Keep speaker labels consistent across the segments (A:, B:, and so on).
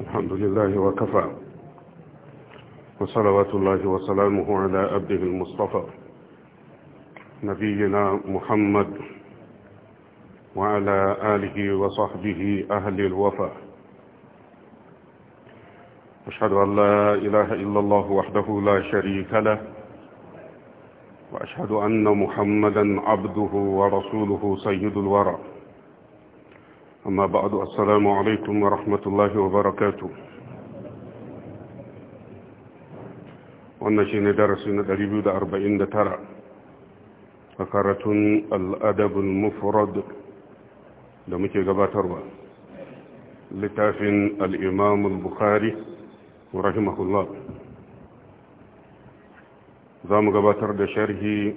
A: الحمد لله وكفى وصلوات الله وسلامه على أبده المصطفى نبينا محمد وعلى آله وصحبه أهل الوفاء أشهد أن لا إله إلا الله وحده لا شريك له وأشهد أن محمدا عبده ورسوله سيد الورى أما بعد السلام عليكم ورحمة الله وبركاته ونشين درسنا دريب دا أربعين ترى فكرة الأدب المفرد دمك قبا تربى لتاف الإمام البخاري ورحمه الله زام قبا تربى شرحي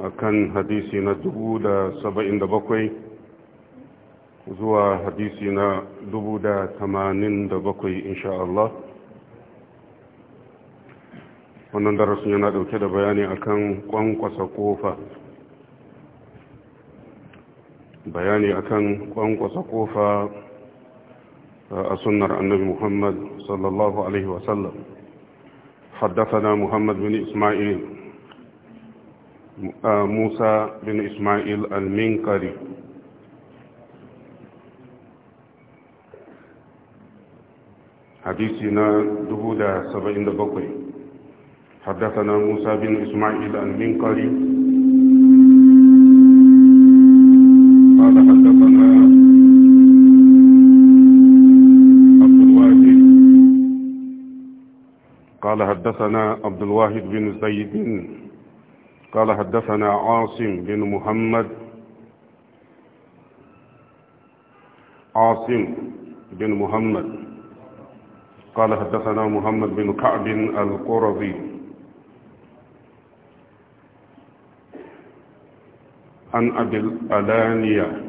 A: أكن حديثنا دبودا سبعين دبقوي دا zuwa hadisi na 1087 insha Allah wannan darasin yana dauke da bayani akan kwankwasa kofa bayani akan kwankwasa kofa eh, a sunnar annabi Muhammad sallallahu alaihi wasallam Muhammad bin Isma'il, eh, Musa bin Isma'il al-Minkari. حديثي نا دبودا سبعين دبقوي حدثنا موسى بن إسماعيل منقري قال حدثنا عبد الواحد قال حدثنا عبد الواحد بن زيد قال حدثنا عاصم بن محمد عاصم بن محمد قال حدثنا محمد بن كعب القرظي عن أبي الألانية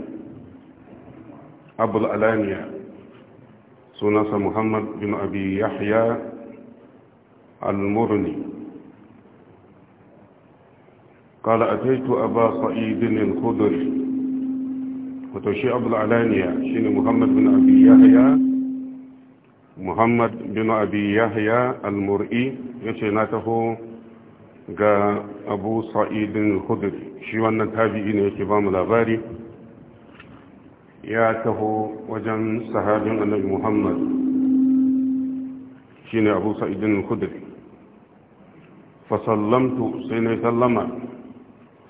A: أبو الألانية سناس محمد بن أبي يحيى المرني قال أتيت أبا صعيد الخدري وتوشي أبو الالانية شين محمد بن أبي يحيى muhammad bin abi yahya al-mur'i ya ce na taho ga abu sa'idin hudur shi wannan tabi'i ne yake ba mu labari ya taho wajen sahabin annabi muhammad shi ne abu sa'idin hudur fasallamtu sai na sallama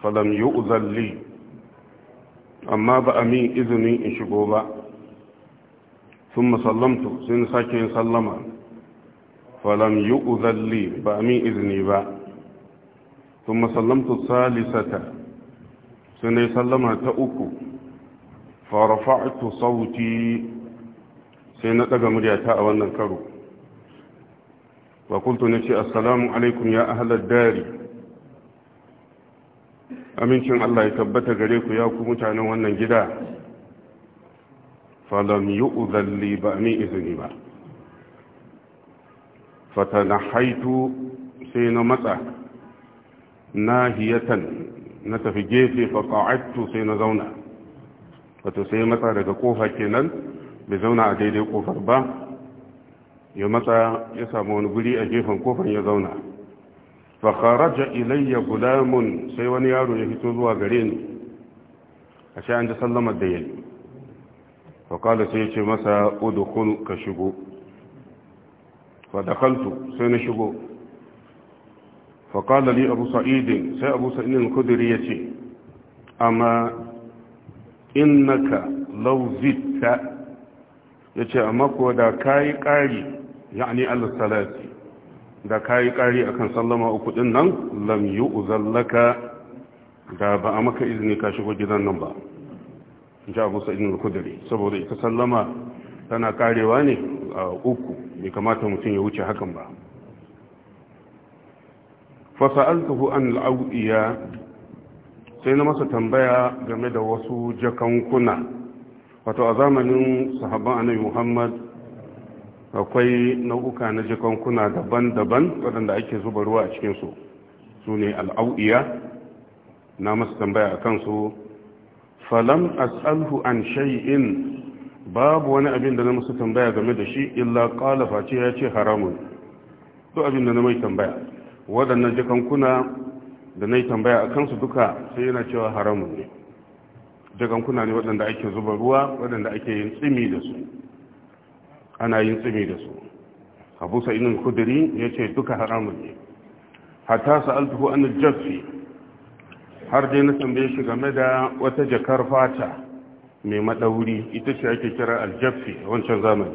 A: falam yi uzalli amma ba a min izinin in shigo ba ثم سلمت سن ساكن سلما فلم يؤذن لي بأمي إذني با ثم سلمت الثالثة سن سلما تأكو فرفعت صوتي سن أدى مريتاء وننكرو وقلت نشي السلام عليكم يا أهل الدار أمين شن الله يتبت غريك يا كمتعنا وننجدا falam yi uzalli ba min izini ba fatana haitu sai na matsa nahiyatan na tafi gefe faƙa'attu sai na zauna wato sai matsa daga ƙofa kenan bai zauna a daidai ƙofar ba ya matsa ya samu wani guri a gefen ƙofar ya zauna faƙaraja ilayya gulamun sai wani yaro ya fito zuwa gare ni a sha'an da sallamar da yai? faƙala sai ce masa udukun ka shigo fadakaltu sai na shigo faƙala ni abu sa'idin sai abu sa'idin kudiri ya ce amma innaka lauzitta ya ce amma kuwa da kayi ƙari ya'ani alisalati da kayi ƙari akan sallama uku ɗin nan lam yi uzallaka da ba a maka izini ka shigo gidan nan ba in ji abu al-kudari saboda ita sallama tana karewa ne a uku bai kamata mutum ya wuce hakan ba sa'altuhu an al'au'iya sai na masa tambaya game da wasu jakankuna wato a zamanin sahabban annabi muhammad akwai nau'uka na jakankuna daban-daban waɗanda ake zuba ruwa a cikinsu su ne al'au'iya na masa tambaya a kansu falam as'alhu an shay'in babu wani abin da na musu tambaya game da shi illa qala face ya ce haramun to abin da na mai tambaya waɗannan jakankuna da na yi tambaya a kansu duka sai yana cewa haramun ne jakankuna ne waɗanda ake zuba ruwa waɗanda ake yin tsimi da su ana yin tsimi da su abu sa'inin kudiri ya ce duka haramun ne hatta sa'altuhu an jaffi har dai na tambaye shi game da wata jakar fata mai maɗauri ita ce ake kira aljaffi a wancan zamani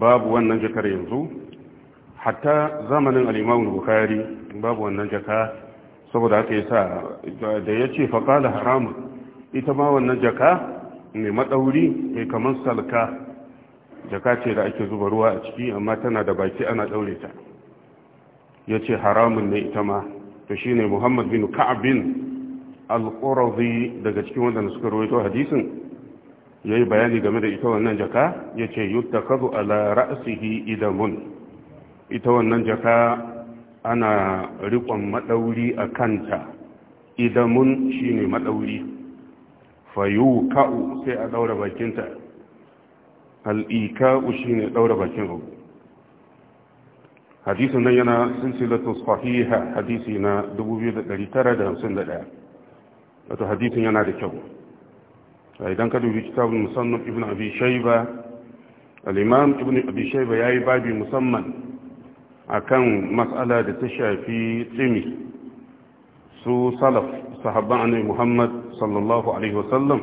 A: babu wannan jakar yanzu hatta zamanin al'imamun bukari babu wannan jaka saboda haka yi sa da ya ce faƙala haramun ita ma wannan jaka mai maɗauri mai kamar salka jaka ce da ake zuba ruwa a ciki amma tana da baki ana ɗaure ta ya ce haramun ne ita ma to shi ne muhammad bin ka'abin alƙurazi daga cikin waɗanda suka rawaito hadisin ya yi bayani game da ita wannan jaka ya ce yutta kazu ala ra'asihi idamun ita wannan jaka ana rikon maɗauri a kanta idamun shi ne maɗauri fayu ka'u sai a ɗaura bakinta al'ika'u shi ne ɗaura bakin abu hadisin nan yana silsilatu sahiha hadisi na 2951 wato hadisin yana da kyau idan ka dubi kitabun musamman ibn abi shaiba al-imam ibn abi shaiba yayi babi musamman akan mas'ala da ta shafi tsimi su salaf sahabban annabi Muhammad sallallahu alaihi wasallam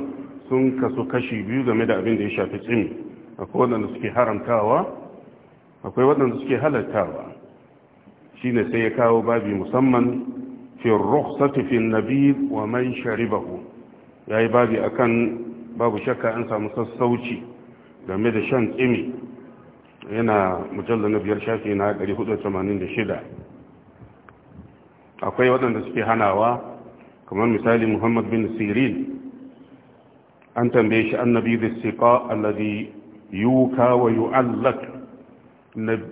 A: sun kasu kashi biyu game da abin da ya shafi tsimi akwai waɗanda suke haramtawa akwai waɗanda suke halartawa shine sai ya kawo babi musamman fi rukhsati fi nabid wa man sharibahu yayi babi akan babu shakka an samu sassauci game da shan tsimi yana mujallar na biyar shafi na 486 akwai waɗanda suke hanawa kamar misali muhammad bin sirin an tambaye shi annabi da siƙa alladhi yuka wa yu'allak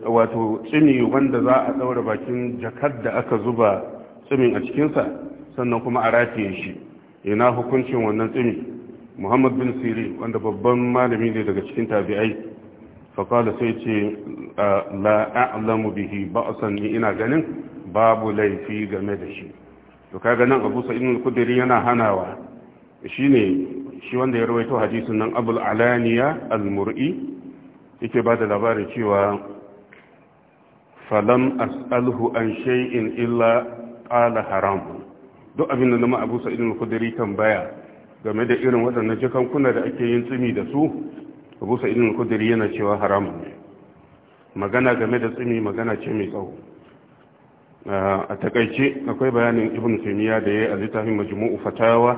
A: wato tsini wanda za a daura bakin jakar da aka zuba tsimin a cikinsa sannan kuma a rataye shi ina hukuncin wannan tsimi muhammad bin siri wanda babban malami ne daga cikin tabi'ai faƙala sai ce la'a'lamu a'lamu bihi ba'san ni ina ganin babu laifi game da shi to kaga nan abu sa'in kudiri yana hanawa ne shi wanda ya rawaito hadisin nan abul alaniya al-mur'i yake ba da labarin cewa falam as'alhu an shay'in illa qala haram duk abin da nama Abu Sa'id al-Khudri tambaya game da irin waɗannan jakankuna da ake yin tsimi da su Abu Sa'id al-Khudri yana cewa haram magana game da tsimi magana ce mai tsawo a takaice akwai bayanin Ibn Taymiyyah da yayi a littafin Majmu'u Fatawa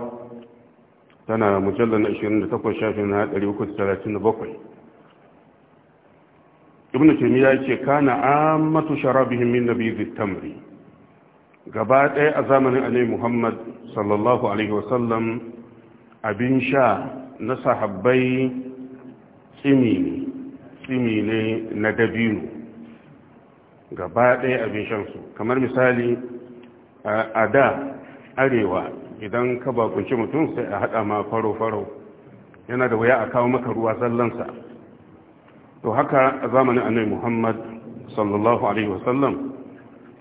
A: tana mujallal 28 shafin 337 ibn taymiya yace kana ammatu sharabihim min nabidh tamri gaba ɗaya a zamanin annabi muhammad sallallahu alaihi sallam abin sha na sahabbai tsimi ne tsimi ne na dabino gaba ɗaya abin shansu kamar misali a da arewa idan ka bakunci mutum sai a haɗa ma faro-faro yana da waya a kawo maka ruwa zallansa to haka a zamanin annabi muhammad sallallahu alaihi wasallam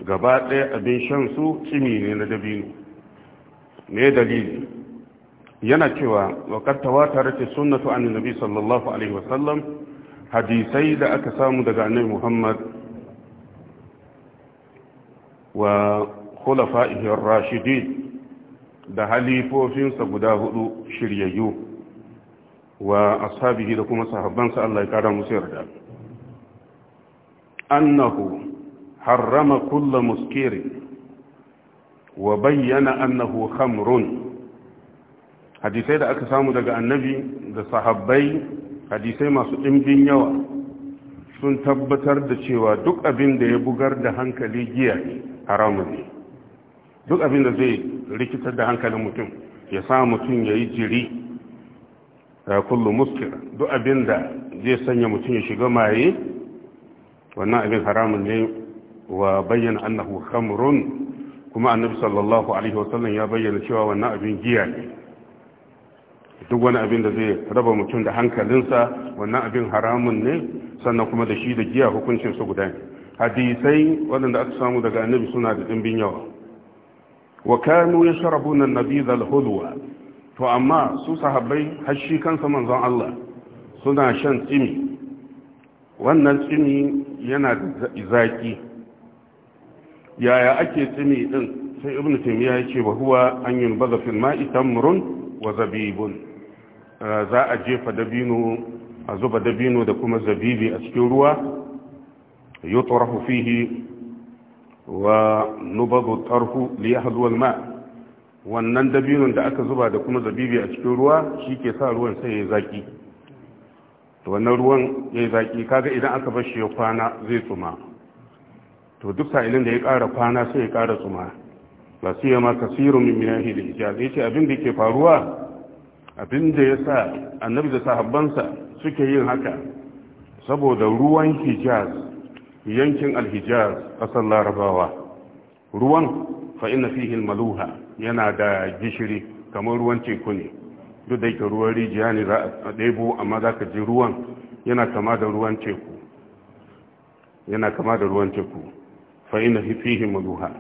A: gaba ɗaya abin shan su tsimi ne na dabino me dalili yana cewa waƙar tawatarar ce sunnatu an nabi sallallahu alaihi wasallam hadisai da aka samu daga annabi muhammad wa khulafa'ihir rashidin da halifofinsa guda hudu shiryayyu wa ashabihi da kuma sahabbansa Allah ya kara musu yarda annahu harrama kulla muskirin wa bayyana annahu khamrun hadisai da aka samu daga annabi da sahabbai hadisai masu ɗimbin yawa sun tabbatar da cewa duk abin da ya bugar da hankali giya ne ne duk abin da zai rikitar da hankalin mutum ya sa mutum ya yi jiri kullu muskir duk abin da zai sanya mutum ya shiga maye wannan abin haramun ne wa bayyana annahu khamrun kuma annabi sallallahu alaihi wasallam ya bayyana cewa wannan abin giya ne duk wani abin da zai raba mutum da hankalinsa wannan abin haramun ne sannan kuma da shi da giya hukuncin su guda ne hadisai waɗanda aka samu daga annabi suna da ɗimbin yawa wa kanu yashrabuna an al-hulwa to amma su sahabbai har kan kansa manzon Allah suna shan tsimi wannan tsimi yana da zaki yaya ake tsimi din sai ibn taymiya yace wa huwa an yunbaza fil ma'i tamrun wa zabibun uh, za a jefa dabino a zuba dabino da kuma zabibi a cikin ruwa yutrahu fihi wa nubadu tarhu li yahdwa al ma' wannan dabinon da aka zuba da kuma zabibi a cikin ruwa shi ke sa ruwan sai ya zaki to wannan ruwan ya yi zaki kaga idan aka bar shi ya kwana zai tsuma to duk sa'ilin da ya ƙara kwana sai ya ƙara tsuma ba su yi ma kasirun min minahi da ce abin da ke faruwa abin da ya sa annabi da sahabbansa suke yin haka saboda ruwan hijaz yankin alhijaz ƙasar larabawa ruwan fa ina maluha yana da gishiri kamar ruwan teku ne duk da yake ruwan rijiya ne za a ɗebo amma za ka ji ruwan yana kama da ruwan teku yana kama da ruwan teku fa ina fihi maluha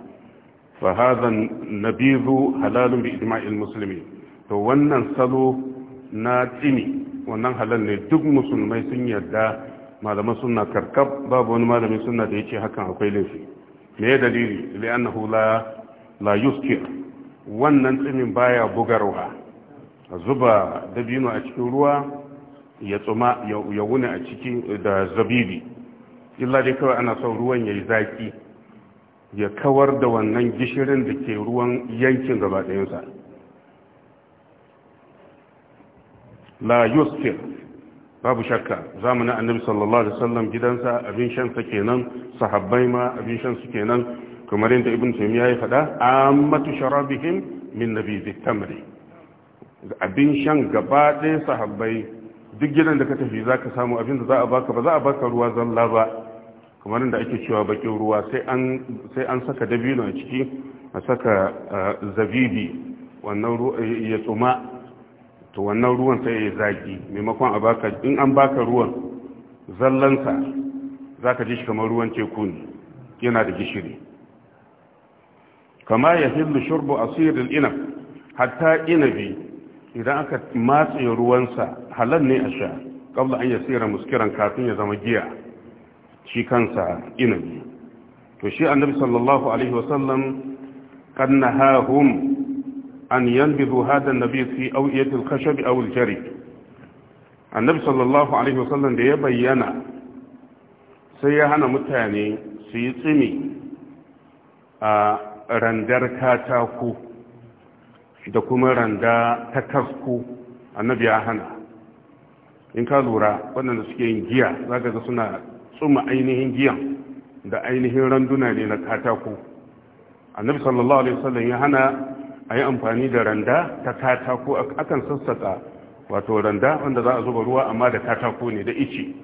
A: fa hadha nabizu halalun bi ijma'il muslimin to wannan salo na tsini wannan halal ne duk musulmai sun yarda malaman sunna karkab babu wani malamin suna da yace hakan akwai laifi me dalili li annahu la la yuskir wannan tsimin baya bugarwa zuba dabino a cikin ruwa ya tsuma ya wuni a ciki eh, da zabibi illa dai kawai ana son ruwan ya yi zaki ya kawar da wannan gishirin da ke ruwan yankin gaba ɗayansa la yusfir babu shakka zamanin annabi sallallahu alaihi wasallam gidansa abin shansa kenan sahabbai ma abin shan su kenan kamar yadda ibn taymiya ya faɗa amatu sharabihim min nabiz tamari abin shan gaba ɗaya sahabbai duk gidan da ka tafi za ka samu abin da za a baka ba za a baka ruwa zalla ba kamar yadda ake cewa bakin ruwa sai an saka dabino a ciki a saka zabibi wannan ya tsuma to wannan ruwan sai ya zagi maimakon a baka in an baka ruwan zallansa za ka ji shi kamar ruwan teku ne yana da gishiri kama ya hillu shurbu asirin inab hatta inabi idan aka matse ruwansa halal ne a sha kabla an yasira muskiran kafin ya zama giya shi kansa inabi to shi annabi sallallahu alaihi wasallam kan nahahum an yanbidu hada nabi fi awiyatil khashab a al annabi sallallahu alaihi wasallam da ya bayyana sai ya hana mutane su yi tsimi a randar katako da kuma randa ta kasko annabi ya hana in ka lura waɗanda suke yin giya za ka ga suna tsuma ainihin giyan da ainihin randuna ne na katako annabi sallallahu alaihi wasallam ya hana a yi amfani da randa ta katako akan sassaƙa wato randa wanda za a zuba ruwa amma da katako ne da ice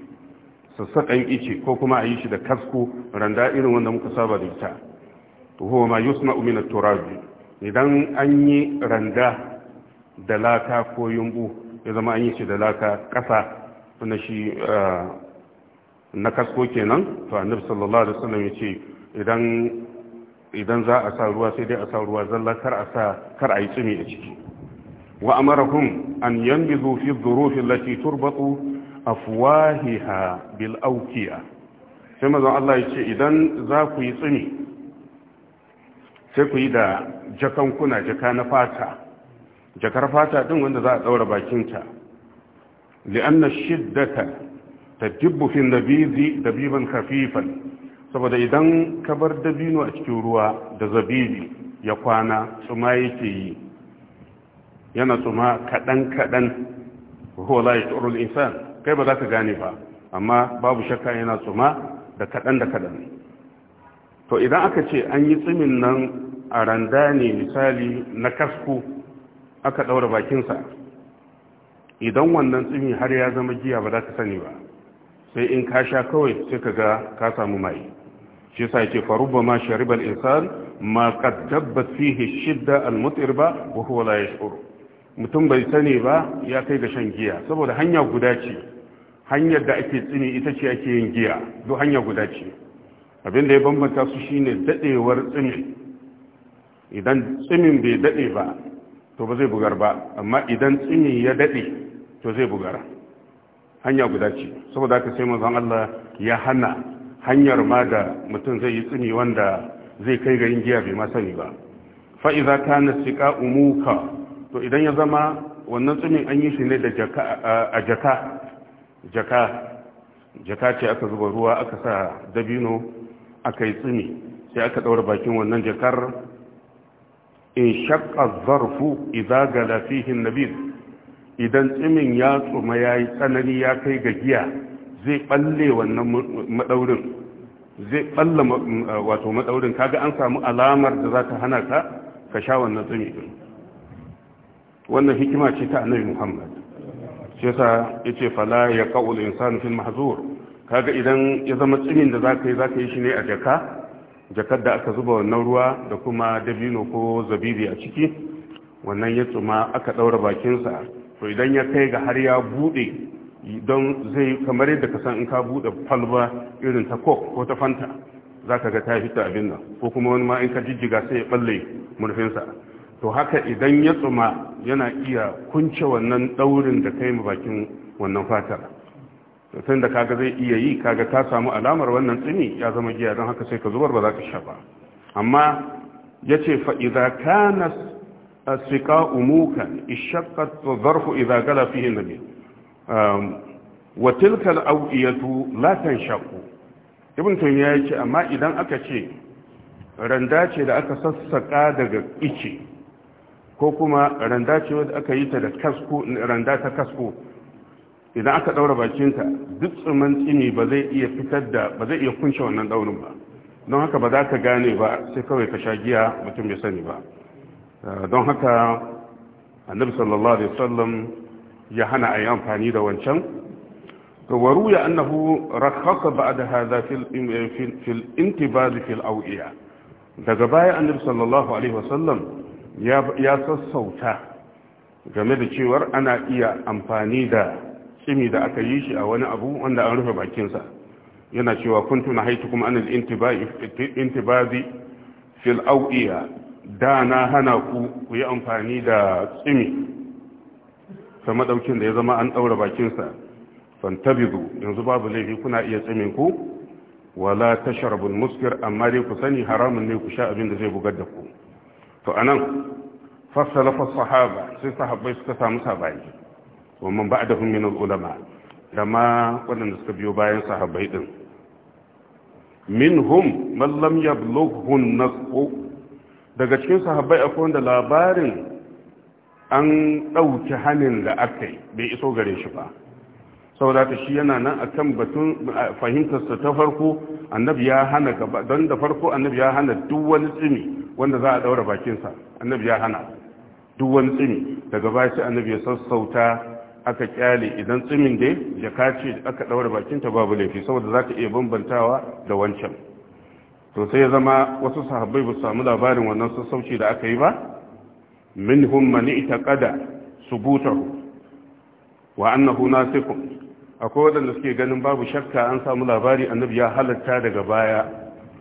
A: sassaƙan ice ko kuma a yi shi da kasko randa irin wanda muka saba da ita huwa yusma min at idan an yi randa da laka ko yumbu ya zama an yi shi da laka kasa wannan shi eh, na kasko kenan to annabi sallallahu alaihi wasallam yace idan idan za a sa ruwa sai dai a sa ruwa zalla kar a sa kar a yi tsumi a ciki wa amarahum an yanbizu fi dhurufi allati turbatu afwahiha bil awqiya sai mazan Allah yace idan za ku yi tsumi sai ku yi da jakankuna jaka na fata jakar fata din wanda za a daura bakinta li'anna shiddata tadibbu fi nabizi dabiban khafifan saboda idan ka bar dabino a cikin ruwa da zabibi ya kwana tsuma yake yi yana tsuma kadan kadan huwa la insan kai ba za ka gane ba amma babu shakka yana tsuma da kadan da kadan to idan aka ce an yi tsimin nan a randa ne misali na kasku aka ɗaura bakinsa idan wannan tsimi har ya zama giya ba za ka sani ba sai in ka sha kawai sai ka ga ka samu mai shi sa faru ba ma sharibal insan ma qaddabba fihi shidda al-mutirba wa huwa la yash'ur mutum bai sani ba ya kai ga shan giya saboda hanya guda ce hanyar da ake tsini ita ce ake yin giya duk hanya guda ce abin da ya bambanta su shine dadewar tsimi idan tsimin bai dade ba to ba zai bugar ba amma idan tsimi ya dade to zai bugara hanya guda ce saboda haka sai manzon Allah ya hana hanyar ma da mutum zai yi tsimi wanda zai kai ga giya bai ma sani ba fa idza kana siqa umuka to idan ya zama wannan tsimin an yi shi ne da a jaka jaka jaka ce aka zuba ruwa aka sa dabino aka yi tsini sai aka daura bakin wannan jakar in shakka zarfu idan gala fihin nabil idan tsimin ya tsuma ya yi tsanani ya kai ga giya zai balle wannan madaurin zai balle wato madaurin kaga an samu alamar da za ta hana ka ka sha wannan tsimi ɗin wannan hikima ce ta annabi muhammad shi yasa yace fala ya qaul insanu fil mahzur kaga idan ya zama tsimin da zaka yi zaka yi shi ne a jaka jakar da aka zuba wannan ruwa da kuma dabino ko zabibi a ciki wannan ya tsuma aka daura bakinsa to idan ya kai ga har ya bude don zai kamar yadda ka san in ka bude falba irin ta coke ko ta fanta zaka ga ta fita abin nan ko kuma wani ma in ka jijjiga sai ya balle murfinsa to haka idan ya tsuma yana iya kunce wannan daurin da kai mu bakin wannan fatar sai da kaga zai iya yi kaga ka samu alamar wannan tsini ya zama giya don haka sai ka zubar ba za ka sha ba amma ya ce fa'iza kana asika umuka ishakar zarfu iza gala fiye na ne um, watilkar auyatu latan shaƙo ibn tun ya ce amma idan aka ce randa ce da aka sassaƙa daga ice ko kuma randa ce wadda aka yi ta da kasko randa ta kasko idan aka daura bakinta duk tsuman ba zai iya fitar da ba zai iya kunshe wannan daurin ba don haka ba za ka gane ba sai kawai ka sha giya mutum bai sani ba eh, don haka annabi sallallahu alaihi wasallam ya hana a yi amfani da wancan to waru ya annahu rakhasa ba'da hadha fil fil intibaz fil awiya daga baya annabi sallallahu alaihi wasallam ya ya sassauta game da cewar ana iya amfani da tsimi da aka yi shi a wani abu wanda an rufe bakinsa yana cewa kun tuna haitu kuma anil intibazi fil au'iya da na hana ku ku yi amfani da tsimi ta madaukin da ya zama an daura bakinsa fantabizu yanzu babu laifi kuna iya tsimin ku wala tashrabul muskir amma dai ku sani haramun ne ku sha abin da zai bugar da ku to anan fassala fa sahaba sai sahabbai suka samu sabayi. wa man ba'dahum min al-ulama da ma waɗanda suka biyo bayan sahabbai din minhum man lam yablughu an-nasu daga cikin sahabbai akwai wanda labarin an ɗauki hannun da aka yi bai iso gare shi ba saboda ta shi yana nan akan batun fahimtarsa ta farko annabi ya hana gaba don da farko annabi ya hana duk wani tsimi wanda za a daura bakinsa annabi ya hana duk wani tsimi daga baya sai annabi ya sassauta aka kyale idan tsimin dai jaka ce aka daura bakinta babu laifi saboda za ta iya bambantawa da wancan to sai ya zama wasu sahabbai ba su samu labarin wannan sassauci da aka yi ba minhum man itaqada subutahu wa annahu nasikun akwai wadanda suke ganin babu shakka an samu labari annabi ya halatta daga baya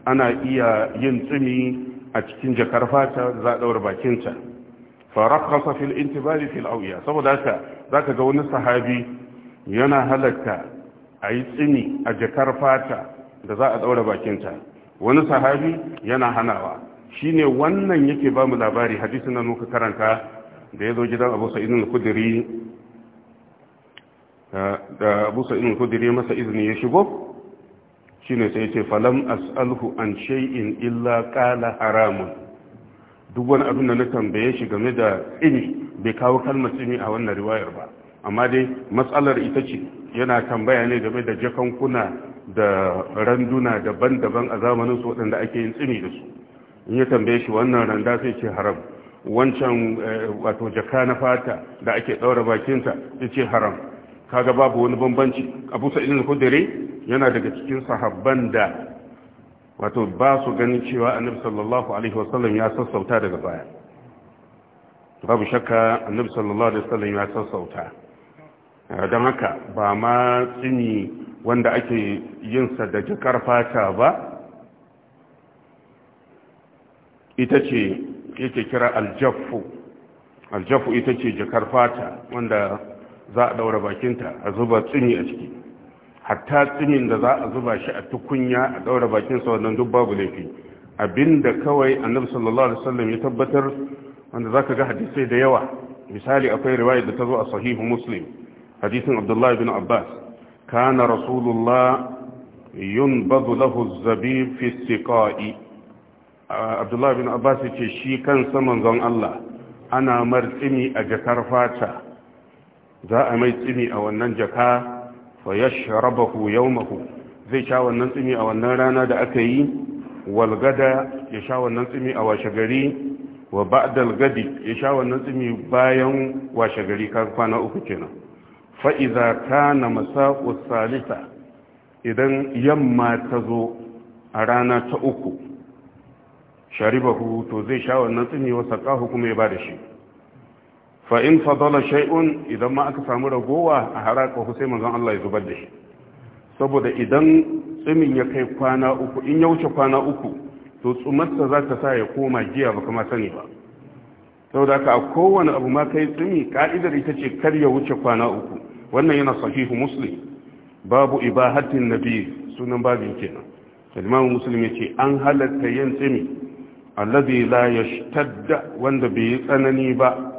A: ana iya yin tsimi a cikin jakar fata za a daura bakinta fa rakhasa fil intibali fil awiya saboda haka za ka ga wani sahabi yana halatta a yi tsini a jakar fata da za a ɗaura bakinta wani sahabi yana hanawa shi ne wannan yake ba mu labari hadisun na muka karanta da ya zo gidan abu sa'idin kudiri eh, da abu masa izini ya shigo shi ne sai ce falam as'alhu an shay'in illa ƙala haramun duk wani abin da na tambaye shi game da tsimi bai kawo kalmar tsimi a wannan riwayar ba amma dai matsalar ita ce yana tambaya ne game da jakankuna da randuna daban-daban a zamanin su waɗanda ake yin tsini da su in ya tambaye shi wannan randa sai ce haram wancan eh, wato jaka na fata da ake ɗaura bakinta ya ce haram kaga babu wani bambanci abu sa'idin kudure yana daga cikin sahabban da wato ba su ganin cewa annabi sallallahu alaihi wasallam ya sassauta daga baya babu shakka annabi sallallahu alaihi wasallam ya sassauta eh, don haka ba ma tsini wanda ake yin sa da jakar fata ba ita ce yake kira aljaffu aljaffu ita ce jakar fata wanda za a daura bakinta a zuba tsini a ciki hatta tsimin da za a zuba shi a tukunya a daura bakin sa duk babu laifi abinda kawai annabi sallallahu alaihi wasallam ya tabbatar wanda zaka ga hadisai da yawa misali akwai riwaya da ta zo a sahihu muslim hadisin abdullahi bin abbas kana rasulullah yunbadu lahu az-zabib fi abdullahi bin abbas yace shi saman manzon Allah ana mar tsimi a jakar fata za a mai tsimi a wannan jaka fa yashrabahu yawmahu zai sha wannan tsimi a wannan rana da aka yi walgada ya sha wannan tsimi a washe gari wa ba'dal gadi ya sha wannan tsimi bayan washe gari ka kwana uku kenan fa idza kana masa'u salisa idan yamma ta zo a rana ta uku sharibahu to zai sha wannan tsimi wa saqahu kuma ya ba da shi fa in fadala shay'un idan ma aka samu ragowa a haraka sai manzon Allah ya zubar da shi saboda idan tsimin ya kai kwana uku in ya wuce kwana uku to tsumarsa za ta sa ya koma giya ba kuma sani ba saboda ka a kowane abu ma kai tsimi ka'idar ita ce kar ya wuce kwana uku wannan yana sahihu muslim babu ibahatin nabi sunan babin kenan imam muslim yace an halatta yin tsimi alladhi la yashtadda wanda bai tsanani ba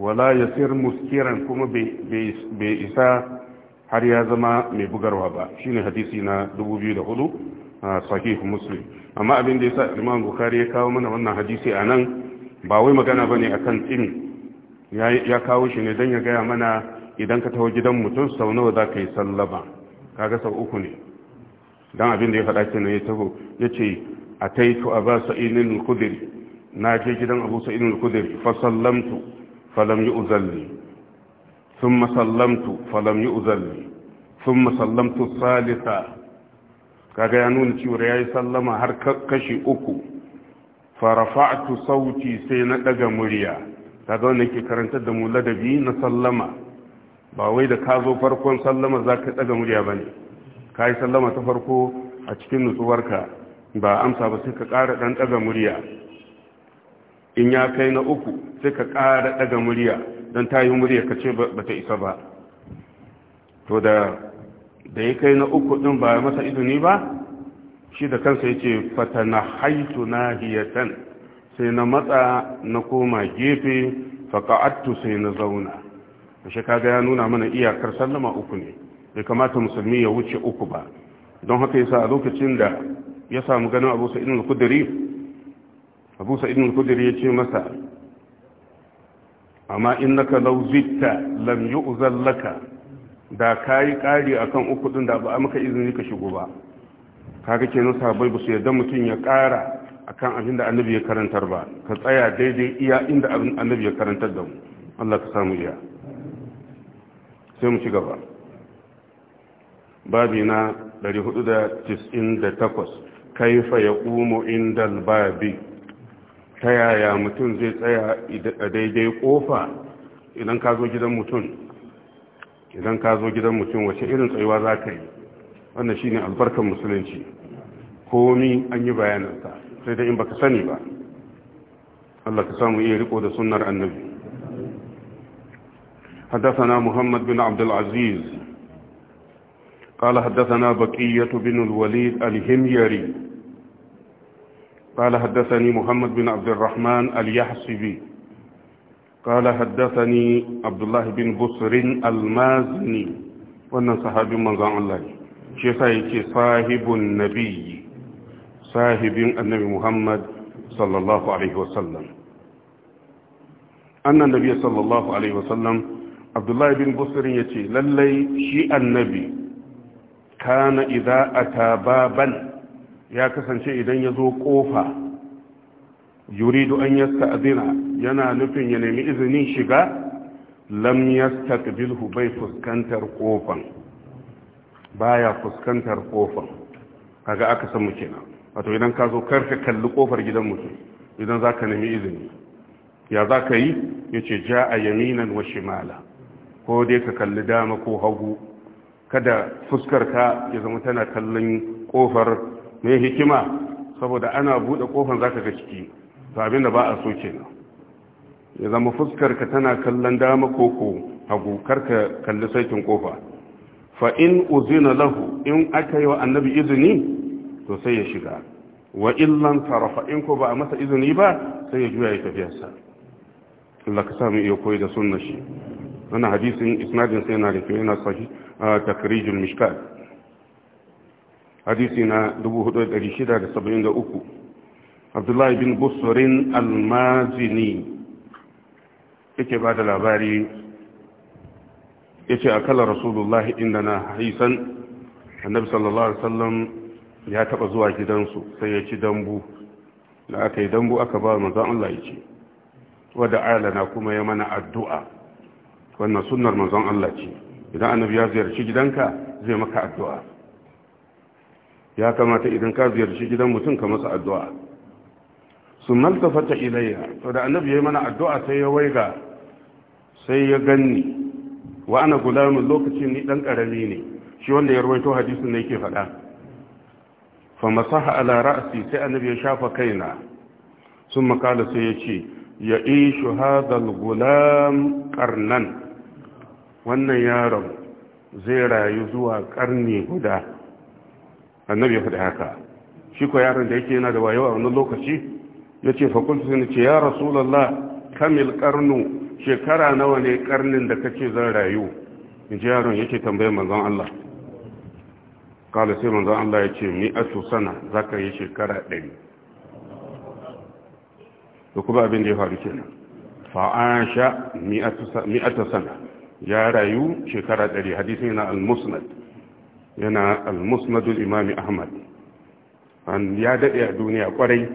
A: wala ya sir muskiran kuma bai isa har ya zama mai bugarwa ba shine hadisi na 2004 sahih muslim amma abin da yasa imam bukari ya kawo mana wannan hadisi a nan ba wai magana ba bane akan tsini ya kawo shi ne don ya gaya mana idan ka taho gidan mutum sau nawa za ka yi sallama kaga sau uku ne don abin da ya faɗa kenan ya taho ya ce a to a ba sa'inin kudiri na je gidan abu sa'inin kudiri fa sallamtu falam yi sun masallamtu falam yi sun masallamtu salisa kaga ya nuna cewa ya yi sallama har kashi uku farafa'atu sauti sai na ɗaga murya kaga wanda ke karantar da mu ladabi na sallama ba wai da ka zo farkon sallama za ka ɗaga murya ba ne ka yi sallama ta farko a cikin nutsuwarka ba amsa ba sai ka ƙara ɗan ɗaga murya in ya kai na uku sai ka ƙara ɗaga murya don ta yi murya ka ce ba ta isa ba to da da ya kai na uku ɗin ba masa izini ba shi da kansa ya ce fata na haitu na hiyatan sai na matsa na koma gefe faƙa'attu sai na zauna shi kaga ya nuna mana iyakar sallama uku ne bai kamata musulmi ya wuce uku ba don haka yasa a lokacin da ya samu ganin abu sa'idun al-kudari abu Sa'id kudiri ya ce masa amma innaka law zitta lam yu'zal laka da kayi kari akan uku din da ba a maka izini ka shigo ba kaga kenan nasa ba su yarda mutum ya kara akan abin da annabi ya karantar ba ka tsaya daidai iya inda annabi ya karantar da mu Allah ka samu iya sai mu ci gaba babi na 498 kaifa yaqumu indal babi ta yaya mutum zai tsaya a daidai kofa idan ka zo gidan mutum idan ka zo gidan mutum wace irin tsayuwa za ka yi wannan shi ne albarkar musulunci komi an yi bayanansa sai da in baka sani ba Allah ka samu iya riko da sunnar annabi حدثنا محمد بن عبد العزيز قال حدثنا بقية بن الوليد الهميري قال حدثني محمد بن عبد الرحمن اليحسبي قال حدثني عبد الله بن بصر المازني wannan sahabin manzon Allah ne shi yasa yake sahibun nabiyyi sahibin annabi Muhammad sallallahu alaihi wasallam annan nabiy sallallahu alaihi wasallam Abdullah bin Busr yace lallai shi annabi kana a ata baban ya kasance idan ya zo kofa yuridu an yasta azina yana nufin ya nemi izinin shiga lam bilhu bai fuskantar kofan baya fuskantar kofan kaga aka san mu kenan wato idan ka zo karka kalli kofar gidan mutum idan zaka nemi izini ya zaka yi yace ja'a yaminan wa shimala ko dai ka kalli dama ko hagu kada fuskar ka ya zama tana kallon kofar mai hikima saboda ana buɗe ƙofan za ga ciki to abin da ba a so kenan ya zama fuskar ka tana kallon dama koko ko hagu karka kalli saitin ƙofa fa in uzina lahu in aka yi wa annabi izini to sai ya shiga wa illan tarafa in ko ba a masa izini ba sai ya juya ya tafiyarsa Allah ka samu iya koyi da sunna shi wannan hadisin isnadin sai yana da kyau yana sahi takrijul mishkat hadisi na 4673 abdullahi bin busurin almazini yake ba da labari ya ce a kala rasulullahi inda na haisan annabi sallallahu alaihi wasallam ya taba zuwa gidansu sai ya ci dambu da aka yi dambu aka ba manzan Allah ya ce wadda alana kuma ya mana addu'a wannan sunnar manzon Allah ce idan annabi ya ziyarci gidanka zai maka addu'a ya kamata idan ka ziyarci gidan mutum ka masa addu'a su maltafata ilayya to da annabi ya yi mana addu'a sai ya waiga sai ya ganni wa ana gulamin lokacin ni dan karami ne shi wanda ya rawaito hadisin ne yake faɗa fa masaha ala ra'si sai annabi ya shafa kaina sun makala sai ya ce ya ishu hadal gulam karnan wannan yaron zai rayu zuwa karni guda annabi ya faɗi haka shi ko yaron da yake yana da wayo a wannan lokaci ya ce fakultu sai ce ya rasulallah kamil karnu shekara nawa ne karnin da kace zan rayu in ji yaron yake tambayar manzon Allah kala sai manzon Allah ya ce mi'atu sana zaka yi shekara ɗari da kuma abin da ya faru kenan fa'asha mi'atu sana ya rayu shekara ɗari hadisi na al-musnad yana al imami ahmad an ya dade a duniya kwarai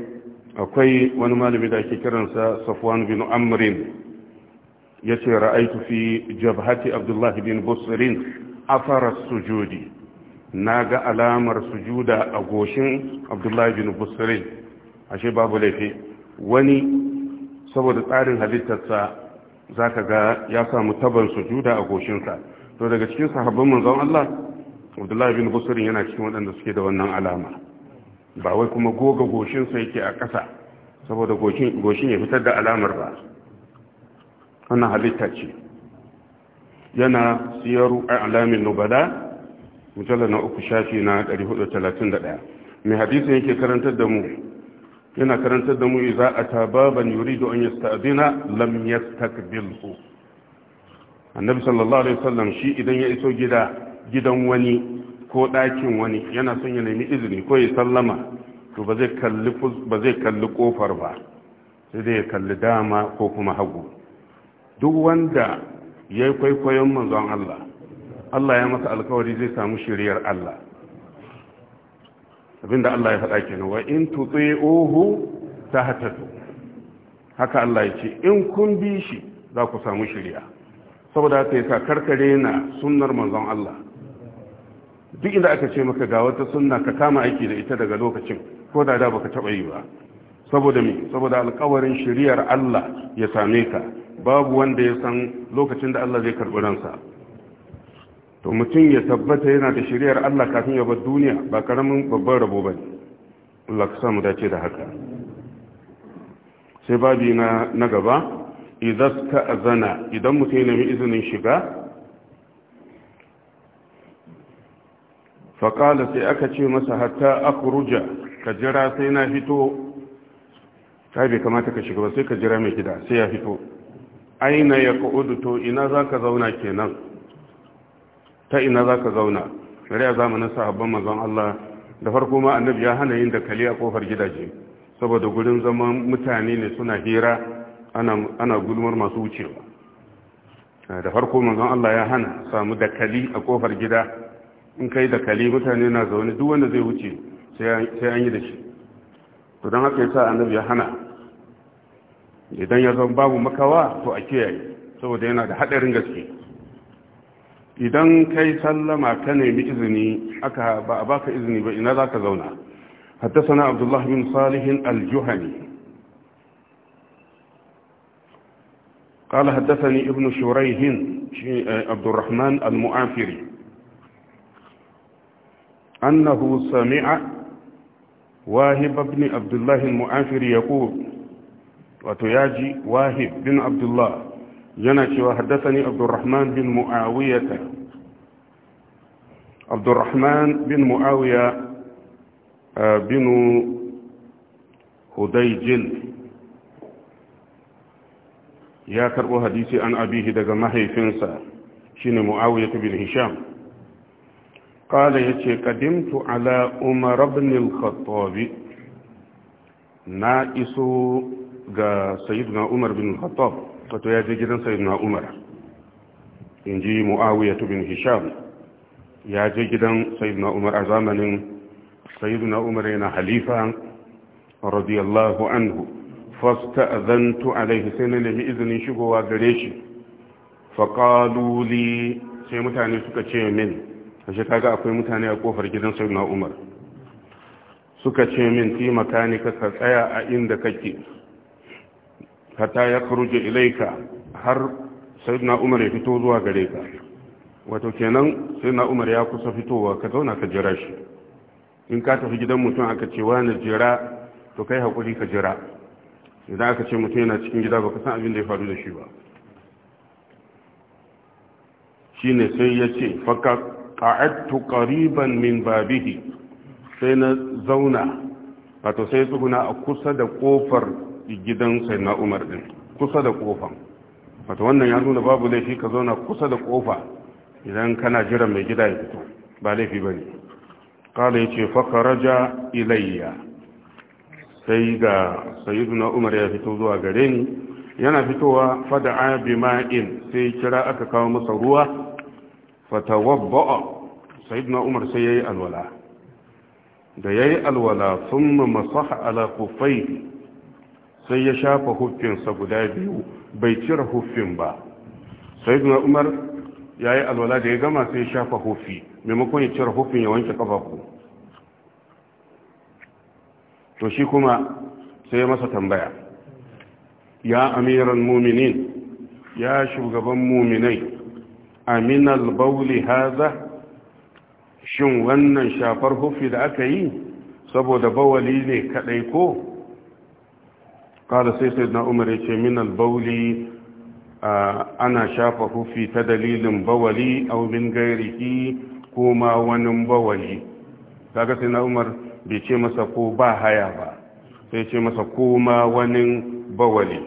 A: akwai wani malami da ake kiransa safwan bin amrin ya ce ra'aitu fi jabhati abdullahi bin busrin afarar sujudi na ga alamar sujuda a goshin abdullahi bin busrin ashe babu laifi wani saboda tsarin halittarsa za ka ga ya samu taban sujuda a goshinsa to daga cikin sahabban manzon Allah abdullahi bin busurin yana cikin waɗanda suke da wannan alama ba wai kuma goga goshinsa yake a ƙasa saboda goshin ya fitar da alamar ba ana halitta ce yana siyaru a alamin nubala mujalla na uku shafi na 431 mai hadisun yake karantar da mu yana karantar da mu za a tababan yuridu an yasta'dina lam yastakbilhu annabi sallallahu alaihi wasallam shi idan ya iso gida gidan wani ko ɗakin wani yana son ya nemi izini ko ya sallama to ba zai kalli kofar ba sai dai kalli dama ko kuma hagu duk wanda ya yi kwaikwayon manzon Allah Allah ya masa alkawari zai samu shiriyar Allah abinda Allah ya faɗa kenan wa in ta tahtatu haka Allah ya ce in kun bi shi za ku samu shiriya saboda haka ya sa karkare na sunnar manzon Allah duk inda aka ce maka ga wata sunna ka kama aiki da ita daga lokacin ko da da baka taba yi ba saboda me saboda alƙawarin shari'ar Allah ya same ka babu wanda ya san lokacin da Allah zai karɓi ransa to mutum ya tabbata yana da shari'ar Allah kafin ya bar duniya ba karamin babban rabo bane Allah ka samu dace da haka sai babi na na gaba idan ka azana idan mutum ya nemi izinin shiga faƙala sai aka ce masa hatta akuruja ka jira sai na fito ka bai kamata ka shiga ba sai ka jira mai gida sai ya fito aina ya ka'udu ina za ka zauna kenan ta ina za ka zauna shari'a zamanin sahabban manzon Allah da farko ma annabi ya hana yin dakali a kofar gidaje saboda gurin zaman mutane ne suna hira ana gulmar masu wucewa da farko manzon Allah ya hana samu dakali a kofar gida in kai da kali mutane na zaune duk wanda zai wuce sai an yi da shi to don haka yasa annabi ya hana idan ya zama babu makawa to a kiyaye saboda yana da hadarin gaske idan kai sallama ka nemi izini aka ba a baka izini ba ina zaka zauna حدثنا عبد الله بن صالح الجهني قال حدثني ابن شريح عبد الرحمن المعافري أنه سمع واهب بن عبد الله المعافر يقول وتياجي واهب بن عبد الله ينشي وحدثني عبد الرحمن بن معاوية عبد الرحمن بن معاوية آه، بن هديج يا كربو حديثي عن أبيه دقى مهي فنسا شين معاوية بن هشام قال يتي قدمت على عمر بن الخطاب نائسو غا سيدنا عمر بن الخطاب فتو يجي جدن سيدنا عمر inji mu'awiyah bin hisham ya je gidan sayyidina umar a zamanin sayyidina umar yana halifa radiyallahu anhu fasta'zantu alaihi sai na nemi izinin shigowa gare shi Faƙaluli sai mutane suka ce min ashe kaga akwai mutane a kofar gidan sayyidina Umar suka ce min fi makanika ka tsaya a inda kake hatta ya kuruje ilaika har sayyidina Umar ya fito zuwa gare ka wato kenan sayyidina Umar ya kusa fitowa ka zauna ka jira shi in ka tafi gidan mutum aka ce wani jira to kai hakuri ka jira idan aka ce mutum yana cikin gida ba ka san abin da ya faru da shi ba Shi ne sai ya ce fakka qa'adtu ƙariban min babihi sai na zauna wato sai tsuguna a kusa da ƙofar gidan sai na umar din kusa da ƙofan. wato wannan ya nuna babu laifi ka zauna kusa da ƙofa, idan kana jiran mai gida ya fito ba laifi bane kala yace fa kharaja ilayya sai ga na umar ya fito zuwa gare ni yana fitowa fada'a bima'in sai kira aka kawo masa ruwa fatawabba'a sayyidina umar sai yayi alwala da yayi alwala thumma masaha ala kuffayhi sai ya shafa huffinsa guda biyu bai cire huffin ba sayyidina umar yayi alwala da ya gama sai ya shafa huffi maimakon ya cire huffin ya wanke kafafu to shi kuma sai ya masa tambaya ya amiran muminin ya shugaban muminai aminal bauli haza shin wannan shafar hufi da aka yi saboda bawali ne kadai ko kada sai sai na umar ya ce minal bauli ana shafa hufi ta dalilin bawali a min gairiki ko ma wani bawali kaga sai na umar bai ce masa ko ba haya ba sai ce masa ko ma wani bawali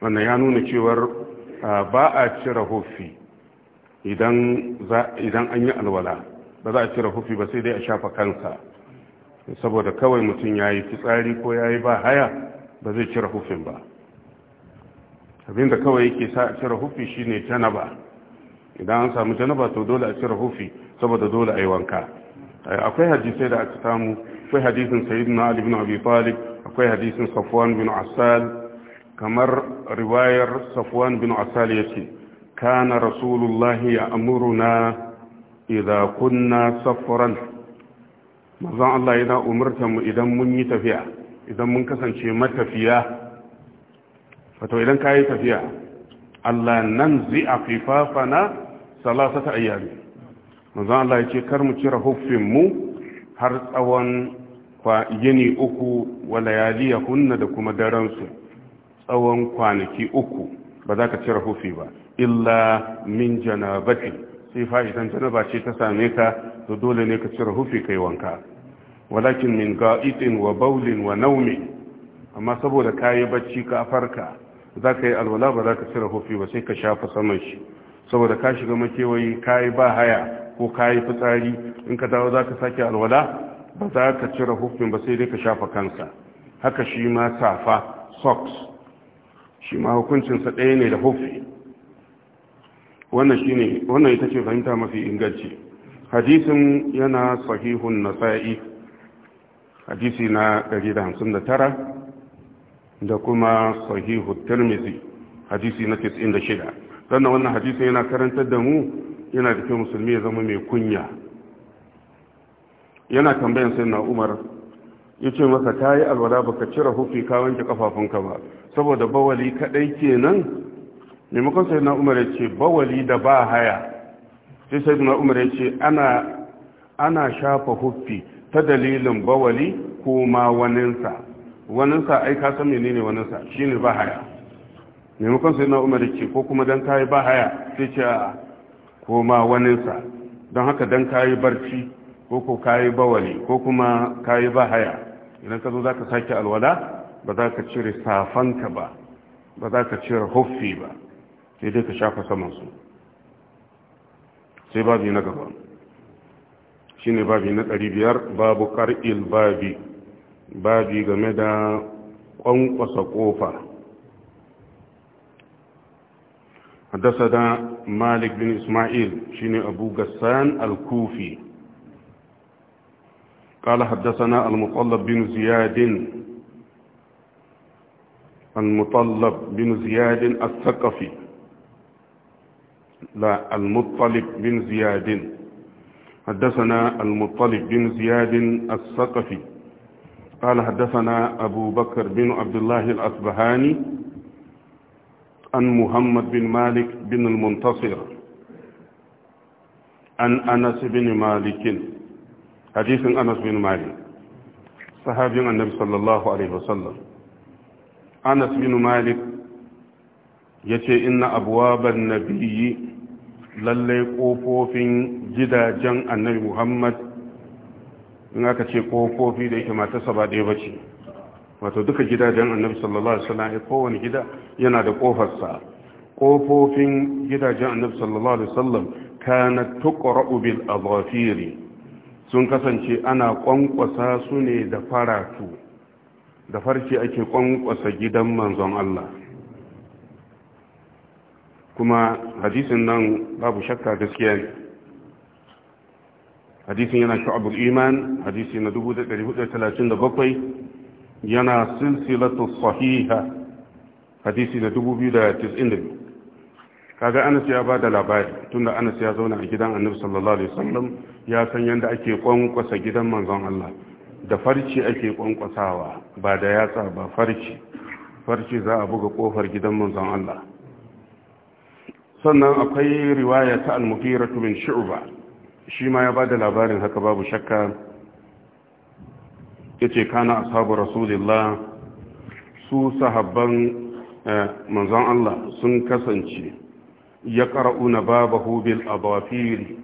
A: wannan ya nuna cewar ba a cire hufi idan an yi alwala ba za a cire hufi ba sai dai a shafa kansa saboda kawai mutum ya yi fitsari ko ya yi ba haya ba zai cire hufin ba abinda kawai yake sa a cire hufi shi ne janaba idan an samu janaba to dole a cire hufi saboda dole a yi wanka eh, akwai hadisai da aka samu akwai hadisin sayyidina ali bin abi talib akwai hadisin safwan bin asal kamar riwayar safwan bin asali ya ce kana rasulullahi ya amuruna idan kunna safaran mazan Allah yana umartar mu idan mun yi tafiya idan mun kasance matafiya fato idan ka yi tafiya Allah nan zai a fifafana salasata ayyami mazan Allah ya ce kar mu cire huffinmu har tsawon yini uku wa layaliya hunna da kuma daransu tsawon kwanaki uku ba za ka cire hufi ba illa min janabati sai fa'idan janaba ce ta same ka to dole ne ka cire hufi kai wanka walakin min ga'itin wa baulin wa naumi amma saboda kayi bacci ka farka za ka yi alwala ba za ka cire hufi ba sai ka shafa saman shi saboda ka shiga makewayi kayi ba haya ko kayi fitsari in ka dawo za ka sake alwala ba za ka cire hufin ba sai dai ka shafa kansa haka shi ma safa socks shi ma hukuncinsa ɗaya ne da hufi wannan ita ce fahimta mafi inganci hadisin yana sahihun nasa'i hadisi na 159 da kuma sahihun tirmizi hadisi na 96 sannan wannan hadisin yana karantar da mu yana da ke musulmi ya zama mai kunya yana tambayan sai na umar ya ce masa ta yi alwada baka cire hufi ka wanke kafafunka ba saboda bawali kadai kenan maimakon sai na umar ya ce bawali da ba haya sai sai na umar ya ce ana shafa huffi ta dalilin bawali ko ma waninsa waninsa ai ka san menene waninsa Shi ne ba haya maimakon sai na umar ya ce ko kuma dan kayi ba haya sai ce a ko ma waninsa don haka dan kayi barci ko ko kayi bawali ko kuma kayi ba haya idan ka zo za ka sake alwala ba za ka cire safanka ba ba za ka cire huffi ba sai dai ka shafa samansu sai babi na gaba shi ne babi na ɗari biyar babu ƙar'il babi babi game da ƙwanƙwasa ƙofa Haddasa Malik حدثنا مالك بن إسماعيل شين أبو غسان الكوفي قال حدثنا المطلب بن زياد المطلب بن زياد الثقفي لا المطلب بن زياد حدثنا المطلب بن زياد الثقفي قال حدثنا أبو بكر بن عبد الله الأصبهاني عن محمد بن مالك بن المنتصر عن أنس بن مالك حديث أنس بن مالك صحابي النبي صلى الله عليه وسلم anas bin malik ya ce ina abuwaban nabiyyi lallai ƙofofin gidajen annabi muhammad in aka ce ƙofofi da yake matarsa ba ɗaya ba ce wato duka gidajen annabi sallallahu alaihi wasallam ya kowane gida yana da ƙofarsa ƙofofin gidajen annabi sallallahu alaihi wasallam kana tuqra'u bil adhafiri sun kasance ana kwankwasa su ne da faratu da farce ake kwankwasa gidan manzon Allah kuma hadisin nan babu shakka gaskiya ne hadisin yana sha'abul iman hadisi na 1437 yana silsilatu sahiha hadisi na 2092 kaga anas ya da labari tunda anas ya zauna a gidan annabi sallallahu alaihi wasallam ya san yadda ake kwankwasa gidan manzon Allah da farci ake kwankwasawa ba da yatsa ba farci farci za a buga kofar gidan manzon Allah sannan akwai riwaya ta al mughira bin shu'ba shi ma ya bada labarin haka babu shakka yace kana ashabu rasulillah su sahabban eh, manzon Allah sun kasance ya qara'una babahu bil abafir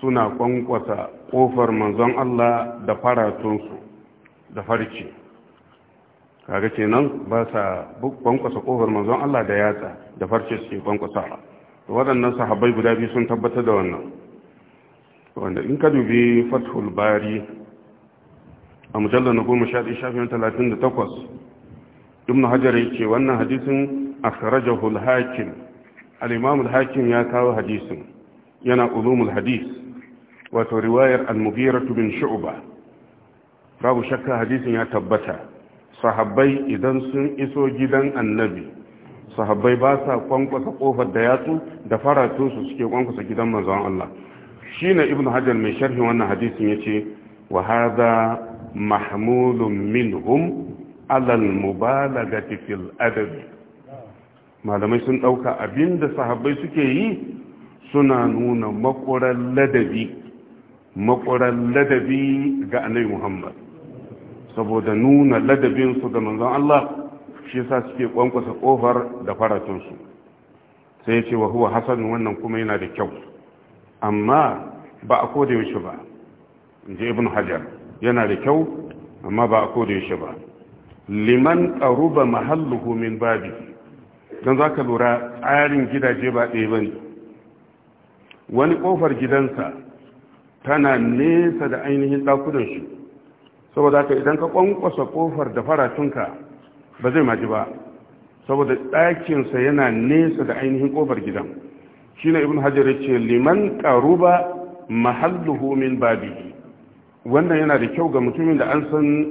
A: suna kwankwasa ƙofar manzon Allah da faratunsu da farci kaga kenan ba sa bankwasa ƙofar manzon Allah da yatsa da farce suke bankwasa waɗannan sahabbai guda biyu sun tabbatar da wannan wanda in ka dubi fathul bari a mujallar na goma sha ɗaya shafin talatin da takwas ibn hajar ya ce wannan hadisin a sarajahul hakim al'imamul hakim ya kawo hadisin yana ulumul hadis wato riwayar al-mughiratu bin ba. babu shakka hadisin ya tabbata sahabbai idan sun iso gidan annabi sahabbai ba sa kwankwasa kofar da yatsu da su suke kwankwasa gidan manzon Allah shi ne ibnu hajar mai sharhi wannan hadisin yace wa hadha mahmulun minhum alal mubalagati fil adab malamai sun dauka abinda sahabbai suke yi suna nuna makurar ladabi makwarar ladabi ga annabi muhammad saboda nuna ladabinsu ga manzon allah shi sa suke kwankwasa kofar da faratunsu sai ya ce wa huwa hasan wannan kuma yana da kyau amma ba a koda yaushe ba in ji ibn hajar yana da kyau amma ba a koda yaushe ba liman ba mahalluhu min babi don za ka lura tsarin gidaje ba ɗaya ba ne wani ƙofar gidansa tana nesa da ainihin ɗakunan shi saboda haka idan ka kwankwasa ƙofar da faratunka ba zai maji ba saboda ɗakinsa yana nesa da ainihin ƙofar gidan shi ne ibn hajjar ce liman ƙaruba mahalluhu min babi wannan yana da kyau ga mutumin da an san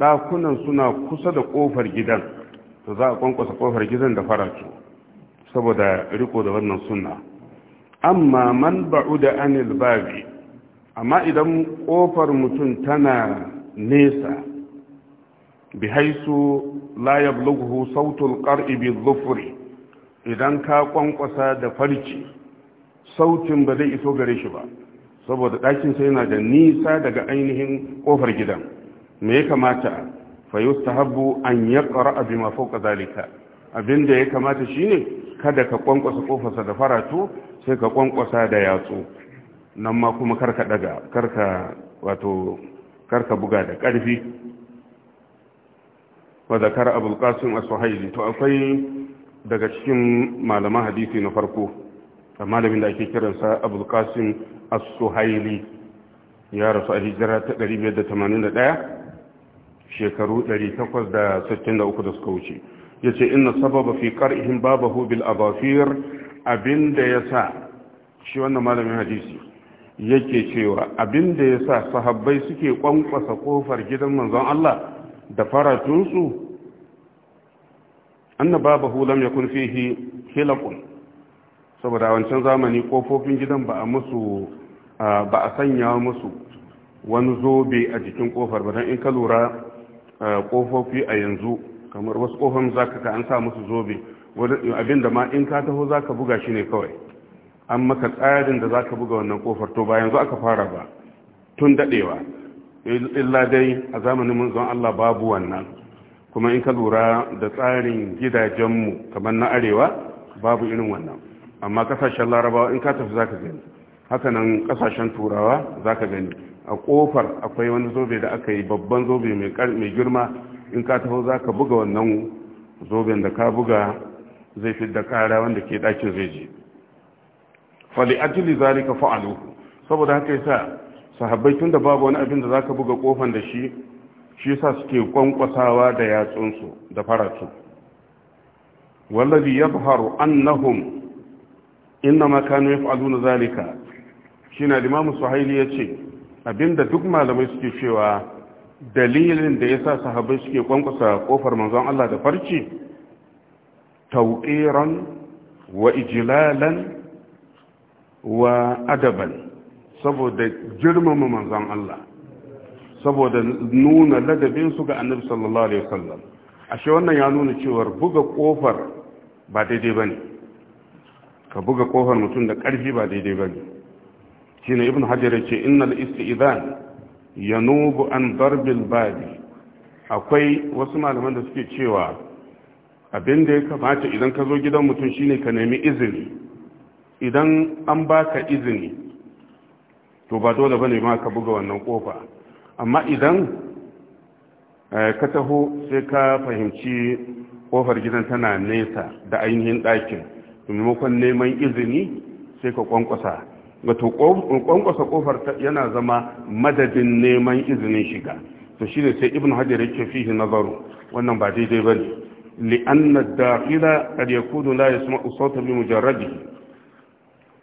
A: ɗakunan suna kusa da ƙofar gidan to za a kwankwasa kofar gidan da faratu saboda riko da wannan sunna amma man ba'u da anil babi amma idan ƙofar mutum tana nesa bi haisu la yablughu sautul qar'i bi dhufri idan ka kwankwasa da farci sautin ba zai iso gare shi ba saboda ɗakin sai yana da nisa daga ainihin ƙofar gidan me ya kamata fa yustahabbu an yaqra bima fawqa zalika abinda ya kamata shine kada ka kwankwasa kofarsa da faratu sai ka kwankwasa da yatsu nan ma kuma karka daga karka wato karka buga da ƙarfi wa zakar abul qasim as to akwai daga cikin malaman hadisi na farko da malamin da ake kiransa abul qasim as-suhayli ya rasu a hijira ta 581 shekaru 863 da suka wuce ya ce inna sababa fi ƙar'ihin babahu bil abafir abinda ya sa shi wannan malamin hadisi yake cewa abin da ya sa sahabbai suke kwankwasa kofar gidan manzon Allah da faratunsu hulam ya kun fihi hilakun saboda wancan zamani kofofin gidan ba a musu ba a sanya musu wani zobe a jikin kofar ba don in ka lura kofofi a yanzu kamar wasu kofan za ka an sa musu zobe abinda ma in ka taho za ka buga shi ne kawai an maka tsarin da za ka buga wannan kofar to bayan yanzu aka fara ba tun daɗewa illa dai a zamanin zan Allah babu wannan kuma in ka lura da tsarin gidajenmu kamar na arewa babu irin wannan amma kasashen larabawa in ka tafi za ka gani hakanan kasashen turawa za ka gani a kofar akwai wani zobe da aka yi babban zobe mai girma in ka tafi za ka buga wannan zoben da ka buga zai fi da kara wanda ke ɗakin zai je fali ajili zalika fa'aluhu saboda haka yasa sahabbai tunda babu wani abin da zaka buga kofan da shi shi yasa suke kwankwasawa da yatsunsu da faratu wallazi yadhharu annahum ma kanu yaf'aluna zalika shine al-imam suhaili yace abinda duk malamai suke cewa dalilin da yasa sahabbai suke kwankwasa kofar manzon Allah da farci tawqiran wa ijlalan wa adaban saboda girmama manzon Allah saboda nuna ladabin su ga annabi sallallahu alaihi wasallam ashe wannan ya nuna cewa buga kofar ba daidai bane ka buga kofar mutum da karfi ba daidai bane shine ibnu hajar yace innal isti'zan yanubu an darbil babi akwai wasu malaman da suke cewa abin da ya kamata idan ka zo gidan mutum shine ka nemi izini idan an ba ka izini to ba dole ba ne ma ka buga wannan kofa amma idan eh, ka taho sai ka fahimci kofar gidan tana nesa da ainihin ɗakin maimakon neman izini sai ka kwankwasa wato kwankwasa kofar yana zama madadin neman izinin shiga to shi ne sai ibn hajar yake fihi nazaru wannan ba daidai bane li'anna ad-dakhila qad yakunu la suma usautar bi mujarradihi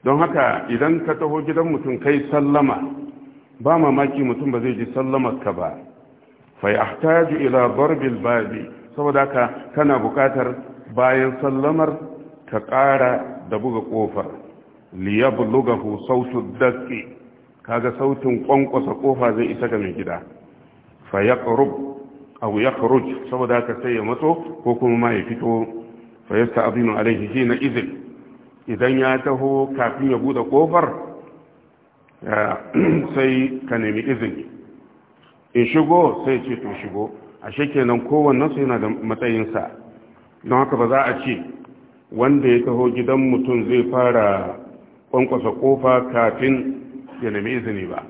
A: don haka idan ka taho gidan mutum kai sallama ba mamaki mutum ba zai ji sallamar ka ba fai ahtaju ila barbil babi saboda ka kana bukatar bayan sallamar ka ƙara da buga ƙofar liyablugahu sautu daki kaga sautin kwankwasa kofa zai isa ga mai gida fa yaqrub aw saboda ka sai ya matso ko kuma ma ya fito fa yasta'dinu alayhi na idhin idan ya taho kafin ya bude kofar sai ka nemi izini in shigo sai ce to shigo ashe kenan kowannen su yana da matsayinsa don haka ba za a ce wanda ya taho gidan mutum zai fara kwankwasa kofa kafin ya nemi izini ba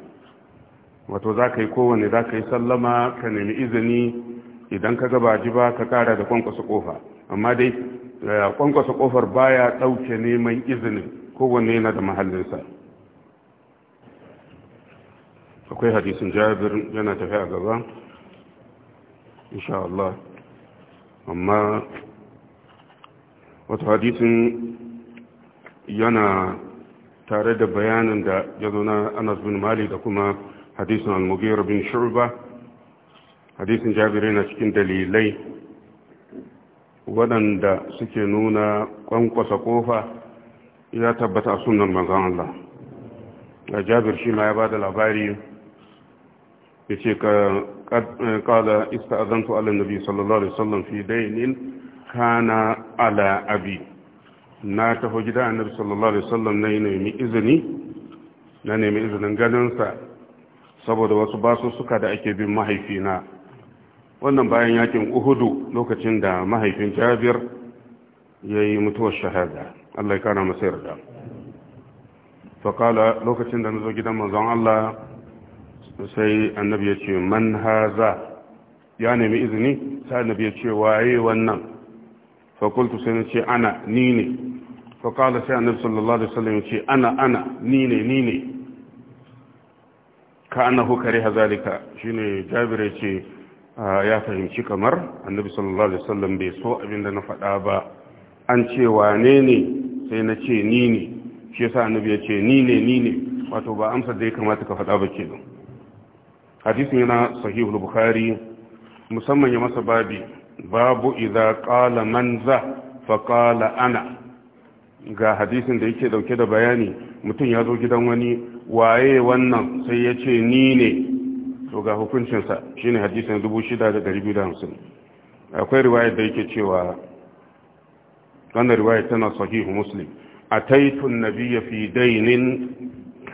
A: wato za ka yi kowane za ka yi sallama ka nemi izini idan ka gaba ji ba ka kara da kwankwasa kofa amma dai Eh, kwankwasa kofar baya dauke neman izinin kowanne yana da mahallinsa akwai hadisin jabir yana tafi a gaba insha amma wata hadisin yana tare da bayanin da ya zo na anas bin mali da kuma hadisin al-mughir bin shu'ba hadisin jabir yana cikin dalilai waɗanda suke nuna ƙwanƙwasa ƙofa ya tabbata a sunan manzan Allah a jabir shi ma ya ba da labari ya ce ka ƙada eh, iska azantu alin nabi sallallahu alaihi sallam fi dainin kana ala abi na taho gida a Nabi sallallahu alaihi sallam na yi nemi izini na nemi izinin ganinsa saboda wasu basu suka da ake bin mahaifina wannan bayan yakin uhudu lokacin da mahaifin jabir ya yi mutuwar shahada Allah ya kara masu yarda faƙala lokacin da na zo gidan manzon Allah sai annabi ya ce man haza ya nemi izini sai annabi ya ce waye wannan fakultu sai na ce ana ni ne faƙala sai annabi sallallahu alaihi wasallam ya ce ana ana ni ne ni ne ka annahu kare hazalika shine jabir ya ce ya fahimci kamar annabi sallallahu alaihi wasallam bai so abin da na faɗa ba an ce wane ne sai na ce ni ne shi yasa annabi ya ce ni ne ni ne wato ba amsar da ya kamata ka faɗa ba ke nan hadisin yana sahihul bukhari musamman ya masa babi babu idza qala man za fa qala ana ga hadisin da yake dauke da bayani mutum ya zo gidan wani waye wannan sai ya ce ni ne to ga hukuncinsa shine hadisin 6250 akwai riwayar da yake cewa wannan riwayar tana sahihu muslim a an-nabiyya fi dainin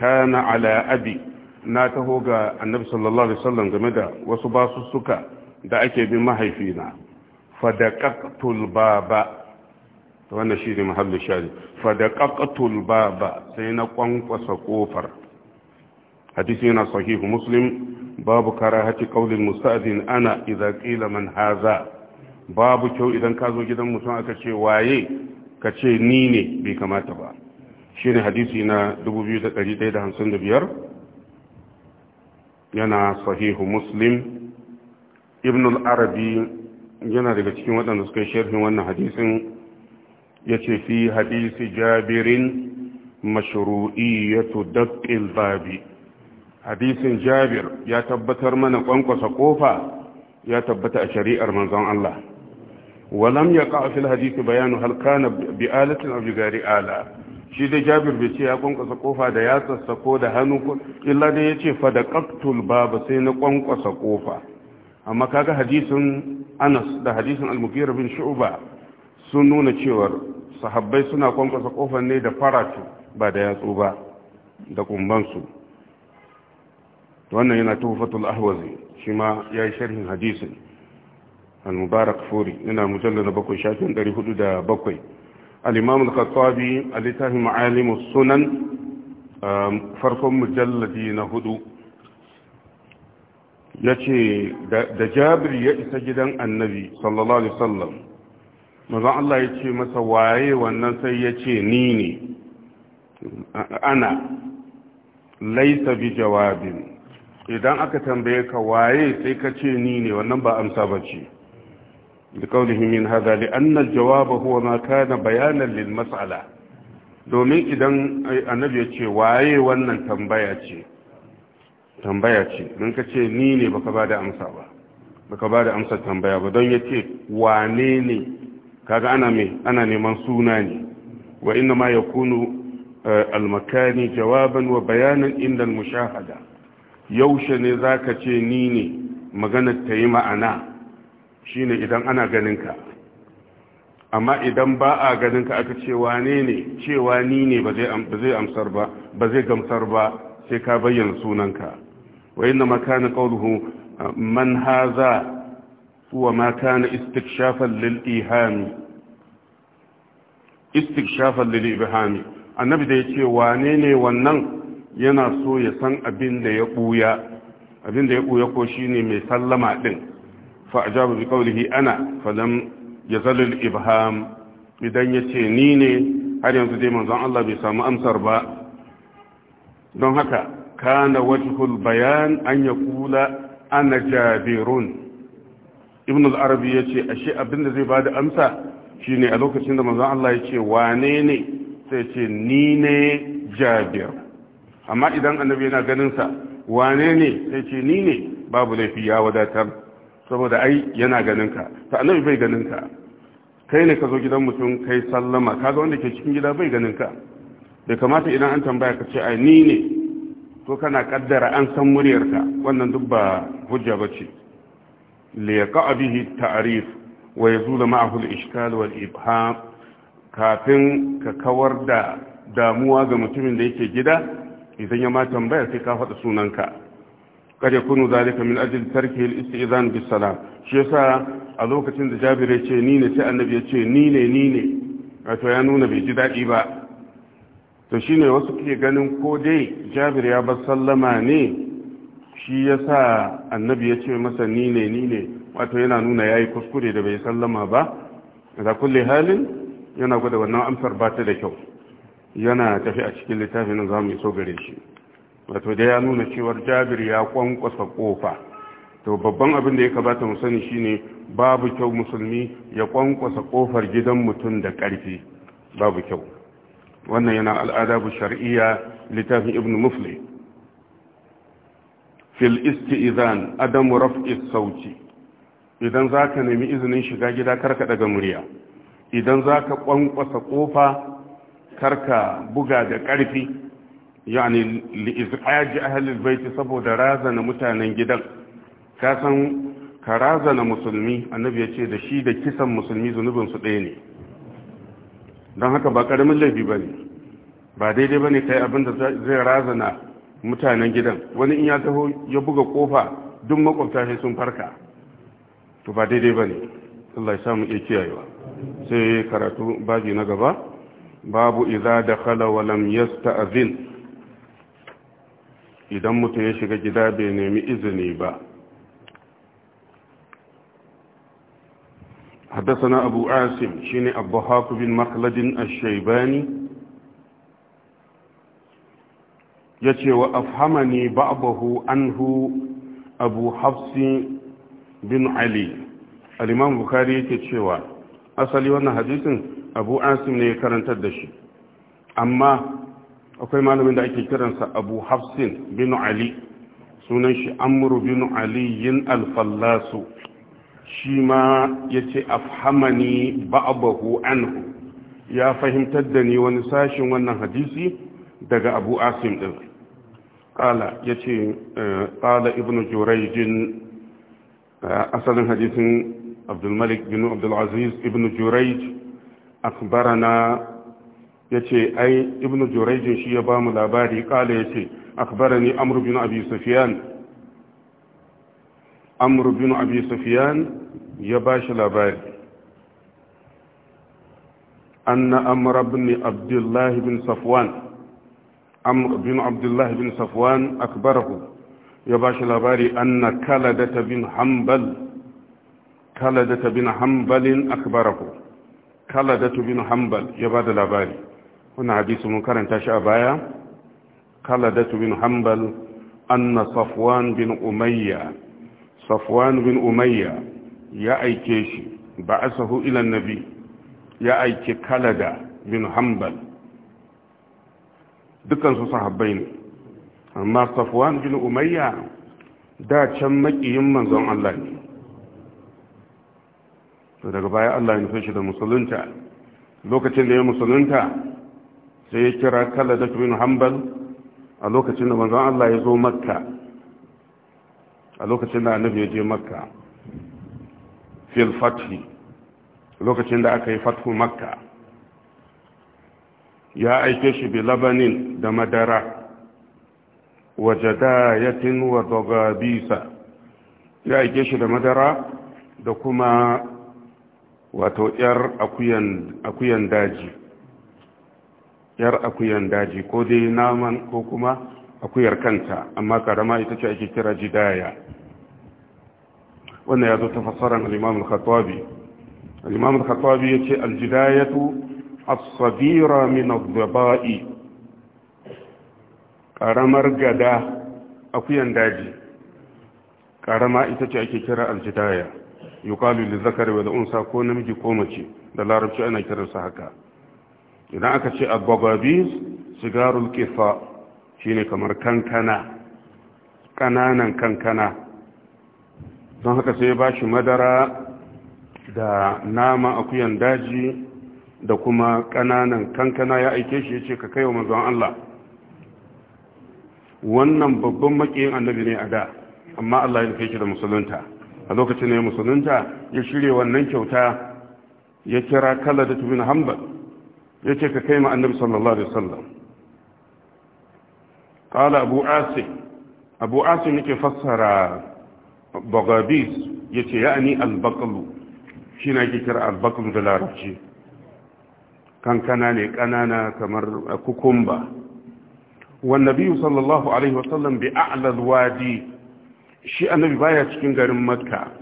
A: kana ala abi na taho ga annabi sallallahu alaihi wasallam game da wasu basussuka da ake bin mahaifina fadaqaqtul baba to wannan shine mahallin shari fadaqaqtul baba sai na kwankwasa kofar hadisi yana sahihu muslim babu karahati kaulin musta'din ana idza qila man haza babu kyau idan ka zo gidan mutum aka ce waye ka ce ni ne bai kamata ba shine hadisi na 2155 yana sahihu muslim ibn al-arabi yana daga cikin waɗanda suka sharhin wannan hadisin yace fi hadisi jabirin mashru'iyatu daqqil babi hadisin jabir ya tabbatar mana kwankwasa kofa ya tabbata a shari'ar manzon Allah walam ya ka fil hadisi bayanu hal kana bi alatin aw bi ala shi da jabir bai ce ya kwankwasa kofa da ya sassako da hannu ko illa dai ce fa da qaqtul baba sai na kwankwasa kofa amma kaga hadisin Anas da hadisin Al-Mughira bin Shu'ba sun nuna cewa sahabbai suna kwankwasa kofar ne da faratu ba da yatsu ba da kumbansu wannan yana tuhfatul ahwazi shi ma ya yi sharhin hadisin al-mubarak furi yana mujallar da bakwai shafin 407 al-imam al-khattabi a littafin ma'alimus sunan um, farkon mujalladi na hudu ya ce da jabir ya isa gidan annabi sallallahu alaihi sallam mazan Allah ya ce masa waye wannan sai ya ce ni ne ana laisa bi jawabin idan aka tambaye ka waye sai ka ce ni ne wannan ba amsa ba ce da kaunihin min haza li annal jawaba huwa ma kana bayanan lil mas'ala domin idan annabi ya ce waye wannan tambaya ce tambaya ce don ka ce ni ne baka ba da amsa ba baka ba da amsa tambaya ba don ya ce wane ne kaga ana mai ana neman suna ne wa inna ma ya kunu eh, almakani jawaban wa bayanan inda al-mushahada yaushe ne za ka ce ni ne maganar ta yi ma'ana Shi ne idan ana ganinka amma idan ba a ganinka aka ce ne ne cewa ni ne ba zai gamsar ba sai ka bayyana sunanka wa inna makana qawluhu ah, man haza wa ma kana istikshafan lil ihami istikshafan lil annabi da yace wane ne wannan yana so ya san abin da ya buya abin da ya ɓuya ko shine mai sallama ɗin fa'ajabu bi qawlihi ana falam yazal al ibham idan yace ni ne har yanzu dai manzon Allah bai samu amsar ba don haka kana wajhul bayan an yaqula ana jabirun ibn al-arabi yace ashe abin da zai bada amsa shine a lokacin da manzon Allah yace wane ne sai ce ni ne jabir amma idan annabi yana ganinsa sa wane ne sai ce ni ne babu laifi ya wadatar saboda ai yana ganin ka to annabi bai ganin ka kai ne ka zo gidan mutum kai sallama kaga wanda ke cikin gida bai ganinka ka bai kamata idan an tambaya ka ce ai ni ne to kana kaddara an san muryarka wannan duk ba hujja bace li yaqa bihi ta'rif wa yazulu ma'ahu al-ishkal wal ibham kafin ka kawar da damuwa ga mutumin da yake gida idan ya ma tambaya sai ka faɗa sunanka kar kunu zalika min ajil tarki al-istizan bis salam shi yasa a lokacin da Jabir ya ce ni ne sai annabi ya ce ni ne ni ne wato ya nuna bai ji dadi ba to shine wasu ke ganin ko dai Jabir ya bar sallama ne shi yasa annabi ya ce masa ni ne ni ne wato yana nuna yayi kuskure da bai sallama ba da kulli halin yana gwada wannan amsar ba ta da kyau yana tafi a cikin littafin za mu iso gare shi wato da ya nuna cewar jabir ya kwankwasa kofa to babban abin da ya kamata mu sani shine babu kyau musulmi ya kwankwasa kofar gidan mutum da ƙarfi babu kyau wannan yana al'adabu shar'iyya littafin ibn mufli fil isti'zan adamu raf'i sauti idan zaka nemi izinin shiga gida karka daga murya idan zaka kwankwasa kofa karka buga da ƙarfi yani li'izqaji ahlil baiti saboda razana mutanen gidan ka san ka razana musulmi annabi ya ce da shi da kisan musulmi zunubin su ɗaya ne don haka ba ƙaramin laifi ba ne ba daidai ba ne ka yi abin zai razana mutanen gidan wani in ya taho ya buga kofa duk makwabta shi sun farka to ba daidai ba ne Allah ya samu iya kiyayewa sai karatu babi na gaba babu iza da khala walam yasta'zin idan mutum ya shiga gida bai nemi izini ba حدثنا أبو عاصم شيني الضحاك بن مخلد الشيباني يتي وأفهمني بعضه عنه أبو حفص بن علي الإمام بخاري يتي أصلي وانا حديث abu asim ne ya karantar da shi amma akwai malamin da ake kiransa abu hafsin bin ali sunan shi amru bin yin alfallasu shi ma ya ce afhamani ba'abahu anhu ya fahimtar da ni wani sashin wannan hadisi daga abu asim din ƙala ya ce eh, ibn jurayjin eh, asalin hadisin abdulmalik bin abdulaziz ibn jurayj akbarana ya ce ai ibnu jurayjin shi ya ba mu labari kala ya ce akbarani amru bin abi sufyan amru bin ya ba shi labari anna amra bin abdullah bin safwan amr bin bin safwan akbarahu ya ba shi labari anna kaladata bin hanbal kaladata bin hanbalin akbarahu kaladatu bin hanbal ya ba da labari wani hadisi mun karanta shi a baya kaladatu bin hanbal anna safwan bin umayya safwan bin umayya ya aike shi ba a asahu ila nabi ya aike kalada bin hanbal dukansu sahabbai ne amma safwan bin umayya da can makiyin manzon Allah ne to daga baya Allah ya nufe shi da musulunta lokacin da ya musulunta sai ya kira kala da bin Hambal. a lokacin da manzon Allah ya zo makka a lokacin da annabi ya je makka fil fathi lokacin da aka yi fathu makka ya aike shi bi labanin da madara wa jadayatin wa dogabisa ya aike shi da madara da kuma wato yar akuyan daji yar akuyan daji ko dai naman ko kuma akuyar kanta amma karama ita ce ake kira jidaya wannan ya zo ta fassarar al'imam al-khattabi al'imam al ya ce aljidayatu as min al-daba'i karamar gada akuyan daji karama ita ce ake kira aljidaya yuqalu lizakari zakari wa unsa ko namiji ko mace da larabci ana kiransa haka idan aka ce agbagabis sigarul kifa shine kamar kankana kananan kankana don haka sai ba shi madara da nama akuyan daji da kuma kananan kankana ya aike shi ya ce ka kai wa manzon Allah wannan babban makiyin annabi ne a da amma Allah ya nufe shi da musulunta a lokacin ya musulunta ya shirya wannan kyauta ya kira kala da tubin hanbal ya ce ka kai ma annabi sallallahu alaihi wasallam qala abu asim abu asim yake fassara bagabis ce ya'ani al-baqlu shi na ke kira al da larabci kankana ne kanana kamar kukumba والنبي صلى الله عليه وسلم بأعلى الوادي shi annabi baya cikin garin makka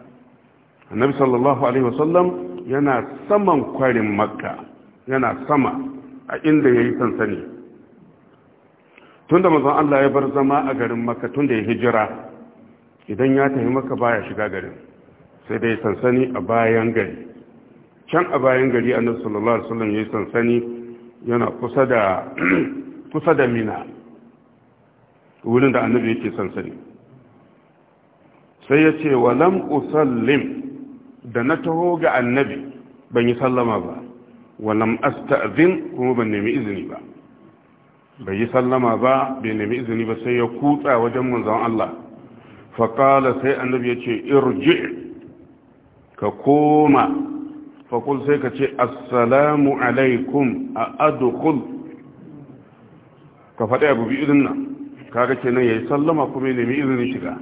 A: annabi sallallahu alaihi wasallam yana saman kwarin makka yana sama a inda ya yi sansani tunda mazan allah ya bar zama a garin makka tunda ya hijira idan ya tafi makka baya shiga garin sai dai sansani a bayan gari can a bayan gari annabi sallallahu alaihi wasallam ya yi sansani yana kusa da kusa da mina wurin da annabi yake sansani sai ya ce wa lam usallim da na taho ga annabi ban yi sallama ba wa lam asta'zin kuma ban nemi izini ba bai yi sallama ba bai nemi izini ba sai ya kutsa wajen manzon Allah fa qala sai annabi ya ce irji ka koma fa kul sai ka ce assalamu alaikum a adkhul ka faɗi abu bi idin nan kaga kenan yayi sallama kuma ya nemi izini shiga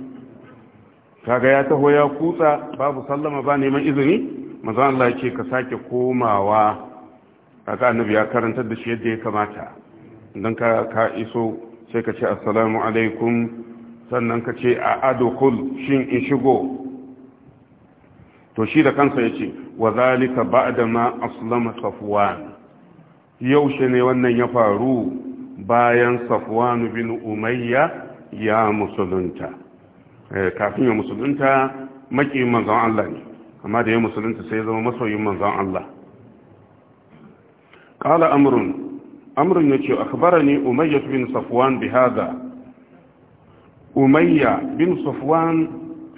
A: kaga ya taho ya kutsa babu sallama ba neman izini mazan Allah yake ka sake komawa kaga annabi ya karanta da shi yadda ya kamata idan ka ka iso sai ka ce assalamu alaikum sannan ka ce a adukul shin in shigo to shi da kansa yace wa zalika ba'da ma aslama safwan yaushe ne wannan ya faru bayan safwan bin umayya ya musulunta Eh, kafin ya musulunta makiyin manzan Allah ne amma da ya musulunta sai ya zama masoyin manzan Allah ya ce a yace ne umayya bin safuwan bi umayya bin safuwan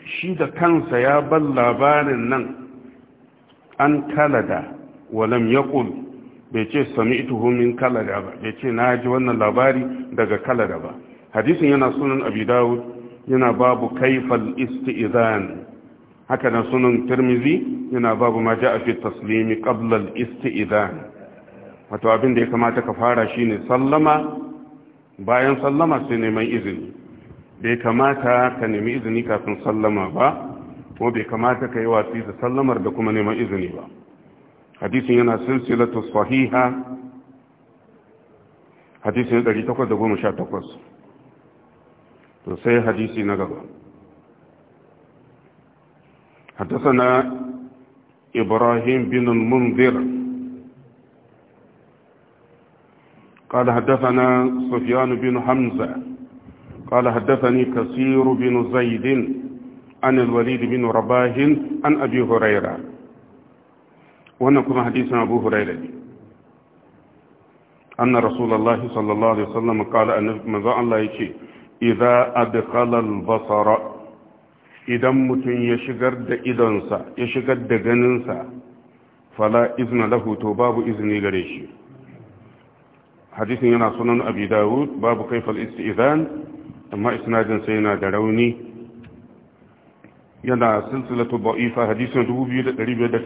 A: shi da kansa ya bar labarin nan an kalada walam yaqul bai ce sami'tuhu min kalada ba bai ce na ji wannan labari daga kalada ba hadisin yana sunan abi dawud yana babu kaifal isti'izan haka nan sunan tirmizi yana babu ma ja'a fi taslimi qabla al-isti'izan wato abin da ya kamata ka fara shine sallama bayan sallama sai neman izini bai kamata ka nemi izini kafin sallama ba ko bai kamata ka yi watsi da sallamar da kuma neman izini ba hadisin yana silsilatu sahiha hadisin 818 to حديثي hadisi حدثنا إبراهيم بن المنذر قال حدثنا سفيان بن حمزة قال حدثني كثير بن زيد عن الوليد بن رباه عن أبي هريرة ونكم حديث أبو هريرة أن رسول الله صلى الله عليه وسلم قال أن ماذا الله يشيء idza adkhala al-basara idan mutum ya shigar da idonsa ya shigar da ganinsa fala izna lahu to babu izini gare shi hadisin yana sunan abi Da'ud, babu kaifal istizan amma isnadin sai yana da rauni yana silsilatu ba'ifa hadisin 2586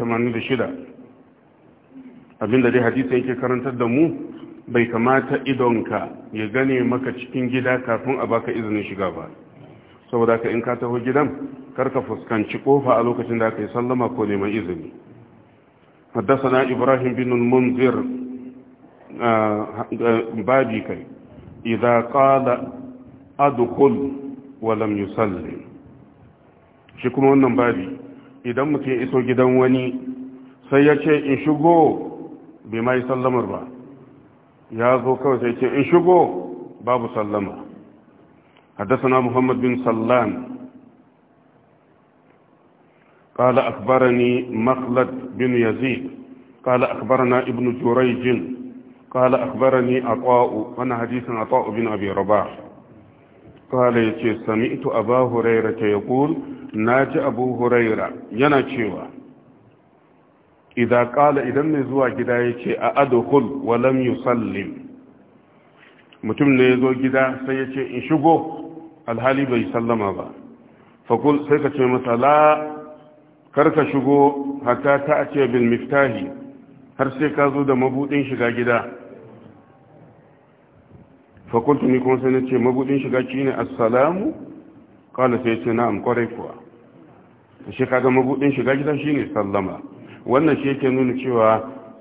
A: abinda dai hadisin yake karantar da mu bai kamata idonka ya gane maka cikin gida kafin a baka izinin shiga ba saboda ka in ka taho gidan karka fuskanci kofa a lokacin da aka yi sallama ko neman izini haddasa ibrahim bin munzir babi kai idan kala adukul walam yusalli shi kuma wannan babi idan mutum iso gidan wani sai ya ce in shigo bai ma sallamar ba ya zo kawai sai ce in shigo babu sallama حدثنا محمد بن سلام قال أخبرني مخلد بن يزيد قال أخبرنا ابن جريج قال أخبرني عطاء أنا حديث عطاء بن أبي رباح قال يتي سمعت أبا هريرة يقول ناج أبو هريرة ينشيوا idza qala idan mai zuwa gida yace a adkhul wa lam yusallim mutum ne yazo gida sai yace in shigo alhali bai sallama ba fakul sai ka ce masa la ka shigo hatta ta a ce bil miftahi har sai ka zo da mabudin shiga gida fakultu ni kuma sai na ce mabudin shiga shi ne assalamu kala sai ce na'am kwarai kuwa shi kaga mabudin shiga gida shine sallama wannan shi yake nuna cewa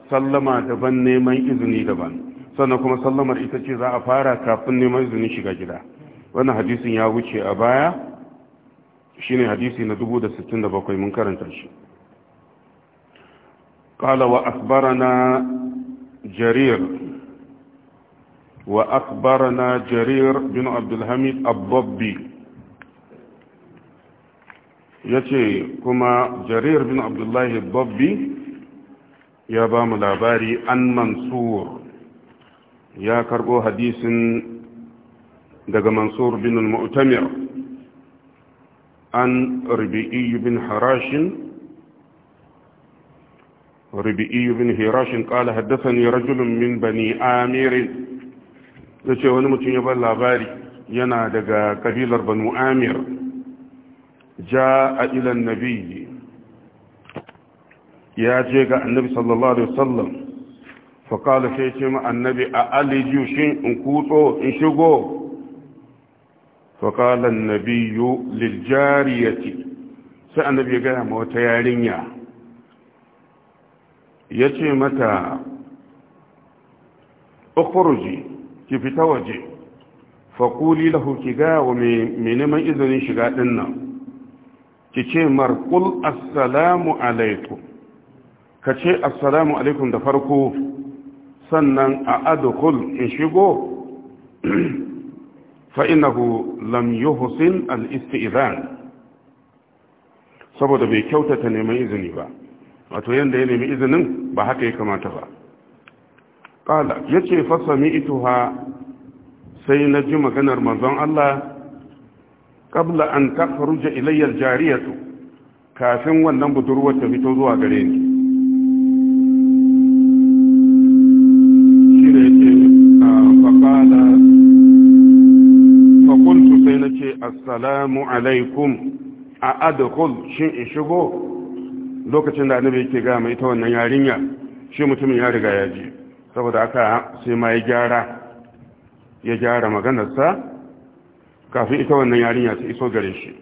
A: sallama daban neman izini daban sannan kuma sallamar ita ce za a fara kafin neman izini shiga gida wannan hadisin ya wuce a baya shine hadisi na 1067 mun karanta shi قال وأخبرنا جرير وأخبرنا جرير بن عبد الحميد الضبي ya ce kuma jarir bin abdullahi babbi ya ba mu labari an mansur ya karbo hadisin daga mansur bin mutamir an rubi'i bin harashin rubi'i bin harashin kala rajulun min bani amirin ya ce wani mutum ya ba labari yana daga kabilar banu amir ja'a ila annabi ya je ga annabi sallallahu alaihi wasallam fa qala sai ce ma annabi a aliju shin in kutso in shigo fa qala annabi lil sai annabi ya gaya ma wata yarinya ya ce mata ukhruji ki fita waje fa lahu ki gaya wa mai neman izinin shiga ɗinnan. ki ce markul assalamu alaikum ka ce assalamu alaikum da farko sannan a adukul in shigo fa'inahu lam yuhsin al-isti'zan saboda bai kyautata neman izini ba wato yadda ya nemi izinin ba haka ya kamata ba ƙala ya ce fasami ituha sai na ji maganar manzon Allah qabla an takhruja ilayya al-jariyatu kafin wannan budurwar ta fito zuwa gare ni yake ah, sai nace assalamu alaikum a adakul shin in shigo lokacin da annabi yake ga mai ita wannan yarinya shi mutumin ya riga ya ji saboda aka sai ma ya gyara ya gyara maganarsa kafin ita wannan yarinya ta iso gare shi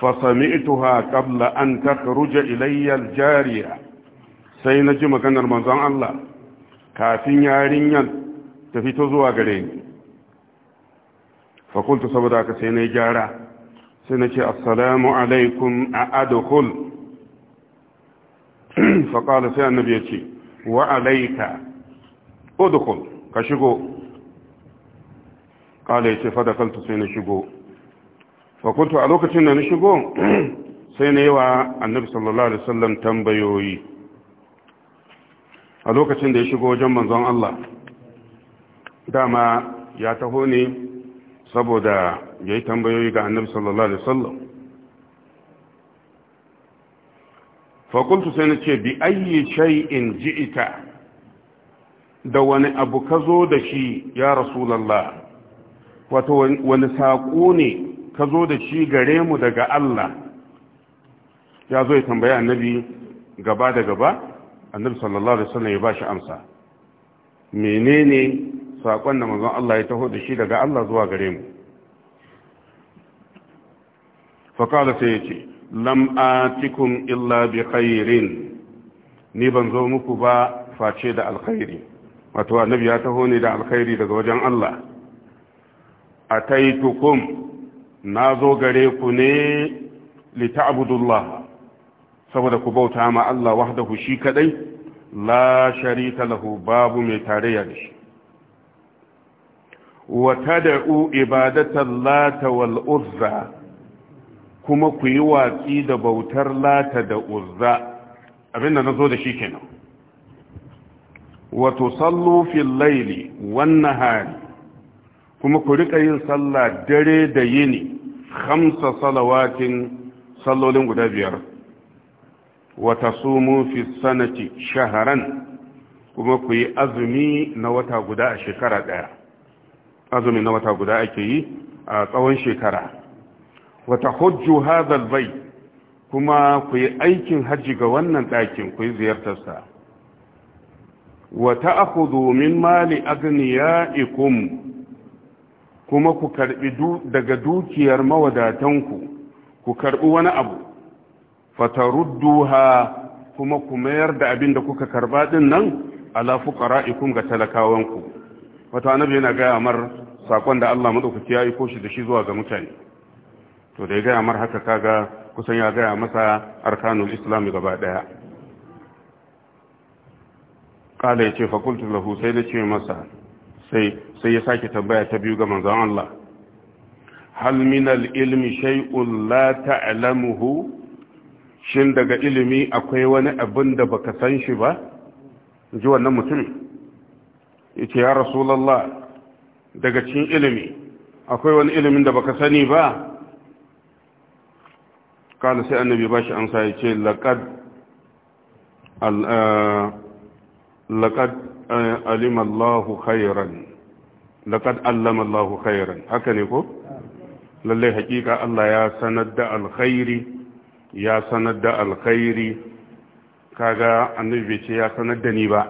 A: fasami'tuha qabla an takhruja ilayya al-jariya sai na ji maganar manzon Allah kafin yarinyar ta fito zuwa gare ni fakultu saboda ka sai na gyara sai na ce assalamu alaikum a adkhul faqala sai annabi ya ce wa alayka udkhul ka shigo kala ya ce fadakaltu sai na shigo fakuntu a lokacin da na shigo sai na yi wa annabi sallallahu alaihi sallam tambayoyi a lokacin da ya shigo wajen manzon Allah dama ya taho ne saboda ya yi tambayoyi ga annabi sallallahu alaihi sallam fakuntu sai na ce bi ayi shay'in ji'ita da wani abu ka zo da shi ya rasulallah wato wani saƙo ne ka zo da shi gare mu daga Allah ya zo ya tambaya annabi gaba da gaba annabi sallallahu alaihi wasallam ya ba shi amsa menene saƙon da manzon Allah ya taho da shi daga Allah zuwa gare mu faƙala sai ya lam illa bi khairin ni ban zo muku ba face da alkhairi wato annabi ya taho ne da alkhairi daga wajen Allah ataitukum na zo gare ku ne lita'budullah saboda ku bauta ma Allah wahdahu shi kadai la sharika lahu babu mai tarayya da shi wa tad'u ibadatan lata wal uzza kuma ku yi watsi da bautar lata da uzza abinda nazo da shi kenan wa tusallu fil layli wan nahari kuma ku riƙa yin sallah dare da yini khamsa salawatin sallolin guda biyar wa tasumu fi sanati shaharan kuma ku yi azumi na wata guda a shekara daya azumi na wata guda ake yi a tsawon shekara Wata hujju hazal bai. kuma ku yi aikin hajji ga wannan ɗakin ku yi ziyartarsa Wata aku domin mali agniya'ikum kuma ku karbi daga dukiyar mawadatanku ku karbi wani abu fatarudduha kuma ku mayar da abin da kuka karba din nan ala fuqara'ikum ga talakawanku wato annabi yana ga amar sakon da Allah madaukaki ya aiko shi da shi zuwa ga mutane to da ya ga amar haka kaga kusan ya ga masa arkanul islam gaba daya kala yace fakultu lahu sai da ce masa sai sai ya sake tambaya ta biyu ga manzon Allah hal min al-ilmi shay'un la ta'lamuhu shin daga ilimi akwai wani abin da baka san shi ba ji wannan mutum yace ya rasulullah daga cikin ilimi akwai wani ilimin da baka sani ba kala sai annabi bashi amsa yace laqad eh, laqad eh, alima Allahu khairan laqad allama Allahu khairan haka ne ko lalle hakika Allah ya sanar da alkhairi ya sanar da alkhairi kaga annabi bai ce ya sanar da ni ba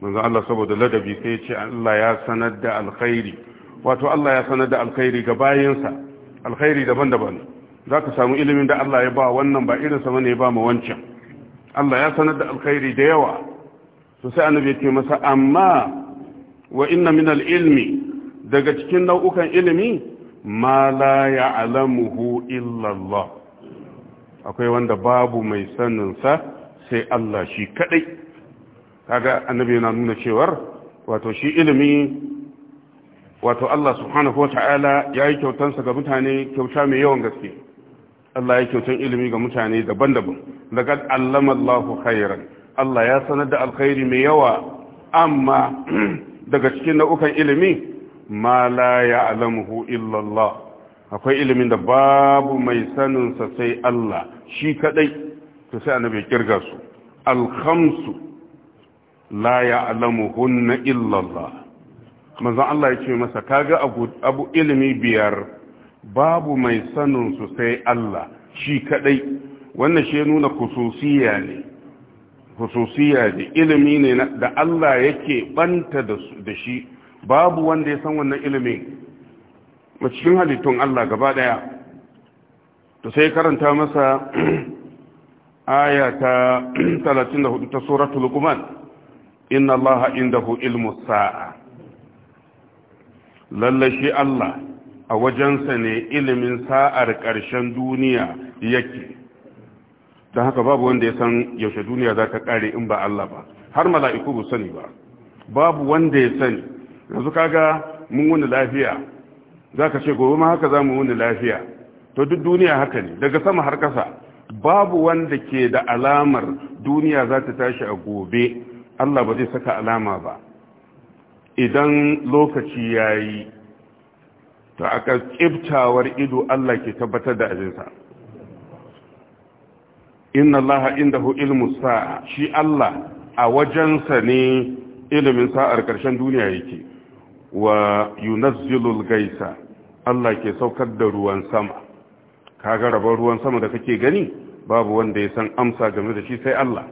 A: manzo Allah saboda ladabi sai ya ce Allah ya sanar da alkhairi wato Allah ya sanar da alkhairi ga bayinsa alkhairi daban-daban zaka samu ilimin da Allah ya ba wannan ba irin sa bane ba mu wancan Allah ya sanar da alkhairi da yawa to sai annabi ya ce masa amma wa inna min al'ilmi, daga cikin nau'ukan ilimi ma la ya'lamuhu illa illallah. akwai wanda babu mai sanin sai Allah shi kadai kaga annabi yana nuna cewar wato shi ilimi wato Allah subhanahu ta'ala ya yi kyautansa ga mutane kyauta mai yawan gaske Allah ya kyautan ilimi ga mutane daban-daban laqad allama khairan Allah ya sanar da alkhairi mai yawa amma daga cikin nau'ukan ilimi ma la ya'lamuhu illa illallah akwai ilimin da babu mai sanin sa sai Allah shi kadai to sai annabi kirga su al khamsu la ya'lamuhunna illa illallah manzon Allah ya ce masa kaga abu ilimi biyar babu mai sanin sai Allah shi kadai wannan shi nuna khususiya ne hususiya ne ilimi ne da Allah yake banta da shi babu wanda ya san wannan ilimin cikin halittun Allah gaba daya to sai karanta masa aya ta 34 ta suratul luqman inna allaha indahu ilmu sa'a lalle shi Allah a wajensa ne ilimin sa'ar karshen duniya yake don haka babu wanda ya san yaushe duniya za ta kare in ba Allah ba har mala'iku ba sani ba babu wanda ya sani yanzu kaga mun wani lafiya za ka ce gobe ma haka za mu wani lafiya to duk duniya haka ne daga sama har kasa babu wanda ke da alamar duniya za ta tashi a gobe Allah ba zai saka alama ba idan lokaci ya yi ta aka tsibtawar ido Allah ke tabbatar da ajinsa inna Allah indahu ilmu sa'a shi Allah a wajensa ne ilimin sa'ar ƙarshen duniya yake wa yunazzilul gaisa Allah ke saukar da ruwan sama kaga rabar ruwan sama da kake gani babu wanda ya san amsa game da shi sai Allah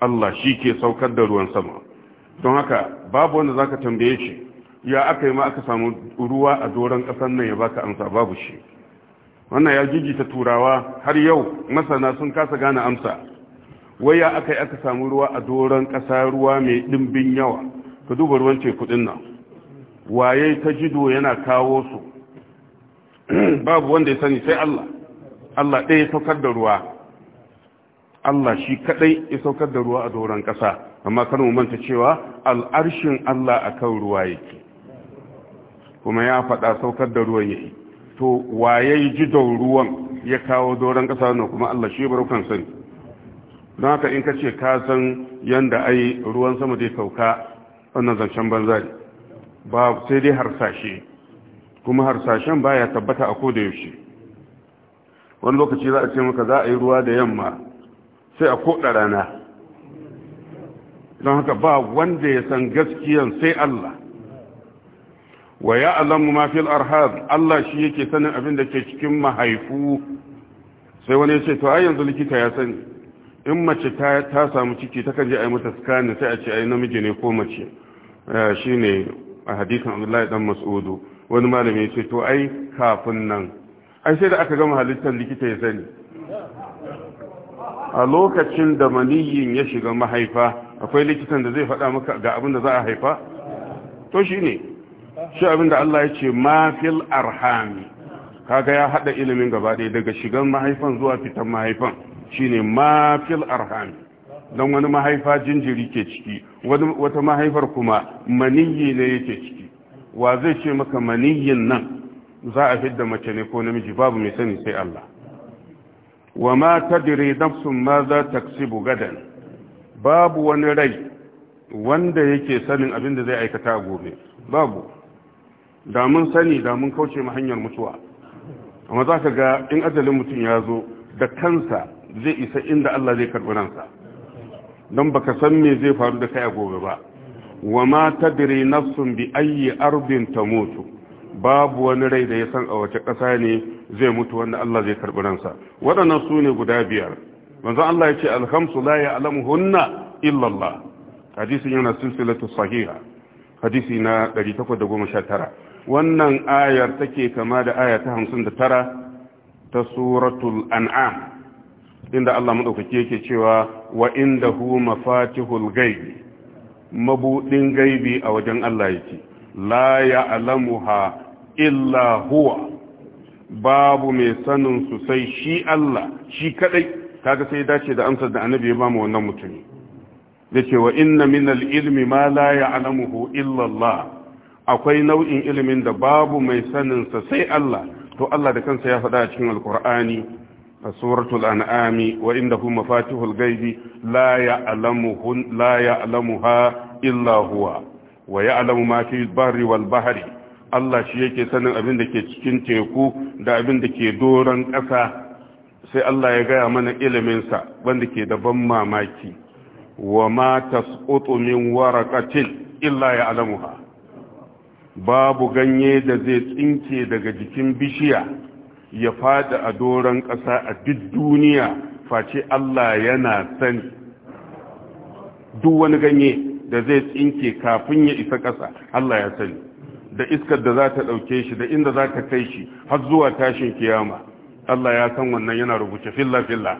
A: Allah shi ke saukar da ruwan sama don haka babu wanda zaka tambaye shi ya aka yi ma aka samu ruwa a doron ƙasar nan ya baka amsa babu shi wannan ya jijita turawa har yau masana sun kasa gane amsa waya aka yi aka samu ruwa a doron ƙasa ruwa mai ɗimbin yawa ka duba ruwan kudin nan waye ta jido yana kawo su babu wanda ya sani sai Allah Allah ɗaya saukar da ruwa Allah shi kaɗai ya saukar da ruwa a doron ƙasa amma kan mu manta cewa al'arshin Allah a kan ruwa yake kuma ya faɗa saukar da ruwan yake to wa waye jidon ruwan ya kawo doron ƙasa wannan kuma Allah shi bar kan sani don haka in ka ce ka san yanda ai ruwan sama zai sauka wannan zancen banza ne ba sai dai harsashe kuma harsashen baya tabbata a koda yaushe wani lokaci za a ce maka za a yi ruwa da yamma sai a koda rana don haka ba wanda ya san gaskiyan sai Allah wa ya'lamu ma fil arham Allah shi yake sanin abin da ke cikin mahaifu sai wani ya ce to ai yanzu likita ya sani in mace ta samu ciki ta je a yi mata scanning sai a ce ai namiji ne ko mace eh, shine a hadisin Abdullahi dan Mas'udu wani malami ya ce to ai kafin nan ai sai da aka gama halittar likita ya sani a lokacin da maniyin ya shiga mahaifa akwai likitan da zai faɗa maka ga abin da za a haifa to shine shi abinda Allah ya ce ma fil arhami kaga ya hada ilimin gaba ɗaya daga shigan mahaifan zuwa fitan mahaifan shine ma fil arhami don wani mahaifa jinjiri ke ciki wata mahaifar kuma maniyyi ne yake ciki wa zai ce maka maniyyin nan za a fidda mace ne ko namiji babu mai sani sai Allah wa ma tadri nafsun ma za taksibu gadan babu wani rai wanda yake sanin abin da zai aikata gobe babu da mun sani da mun kauce mu hanyar mutuwa amma za ka ga in ajalin mutum ya zo da kansa zai isa inda Allah zai karɓi ransa don baka san me zai faru da kai a gobe ba wa ma tadri nafsun bi ayyi ardin tamutu babu wani rai da ya san a wace ƙasa ne zai mutu wanda Allah zai karɓi ransa waɗannan su ne guda biyar manzon Allah ya ce alhamsu la ya'lamuhunna illa Allah hadisin yana silsilatu sahiha hadisi na 819 wannan ayar take kama da aya ta hamsin da tara ta suratul an'am inda Allah madaukake yake cewa wa hu mafatihul ghaib mabudin gaibi a wajen Allah yake la ya'lamuha illa huwa babu mai sanin su sai shi Allah shi kadai kaga sai dace da amsar da annabi ya ba mu wannan mutumi yace wa inna minal ilmi ma la ya'lamuhu illa Allah akwai nau'in ilimin da babu mai saninsa sai Allah to Allah da kansa ya faɗa a cikin alkur'ani a suratul an'ami wa indahu mafatihul gaibi la ya'lamuhu la ya'lamuha illa huwa wa ya'lamu ma fi barri wal bahri Allah shi yake sanin abin da ke cikin teku da abin da ke doron ƙasa sai Allah ya gaya mana iliminsa wanda ke da ban mamaki wa ma tasqutu min waraqatin illa ya'lamuha babu ganye da zai tsinke daga jikin bishiya ya fada a doron ƙasa a duk duniya face Allah yana sani duk wani ganye da zai tsinke kafin ya isa ƙasa Allah ya sani da iskar da za ta ɗauke shi da inda za ta kai shi har zuwa tashin kiyama Allah ya san wannan yana rubuce filla filla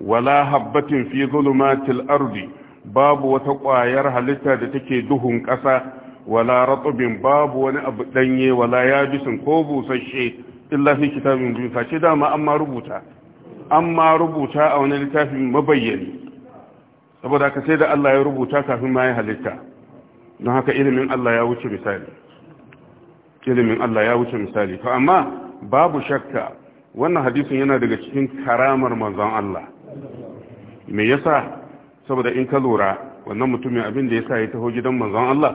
A: wala habbatin fi zulumatil ardi babu wata ƙwayar halitta da take duhun ƙasa wala ratubin babu wani abu danye wala bisin ko busasshe illa fi kitabin mubin face dama amma rubuta amma rubuta a wani littafin mabayyani saboda ka sai da Allah ya rubuta kafin ma ya halitta don haka ilimin Allah ya wuce misali ilimin Allah ya wuce misali to amma babu shakka wannan hadisin yana daga cikin karamar manzon Allah me yasa saboda in ka lura wannan mutumin abin da yasa ya taho gidan manzon Allah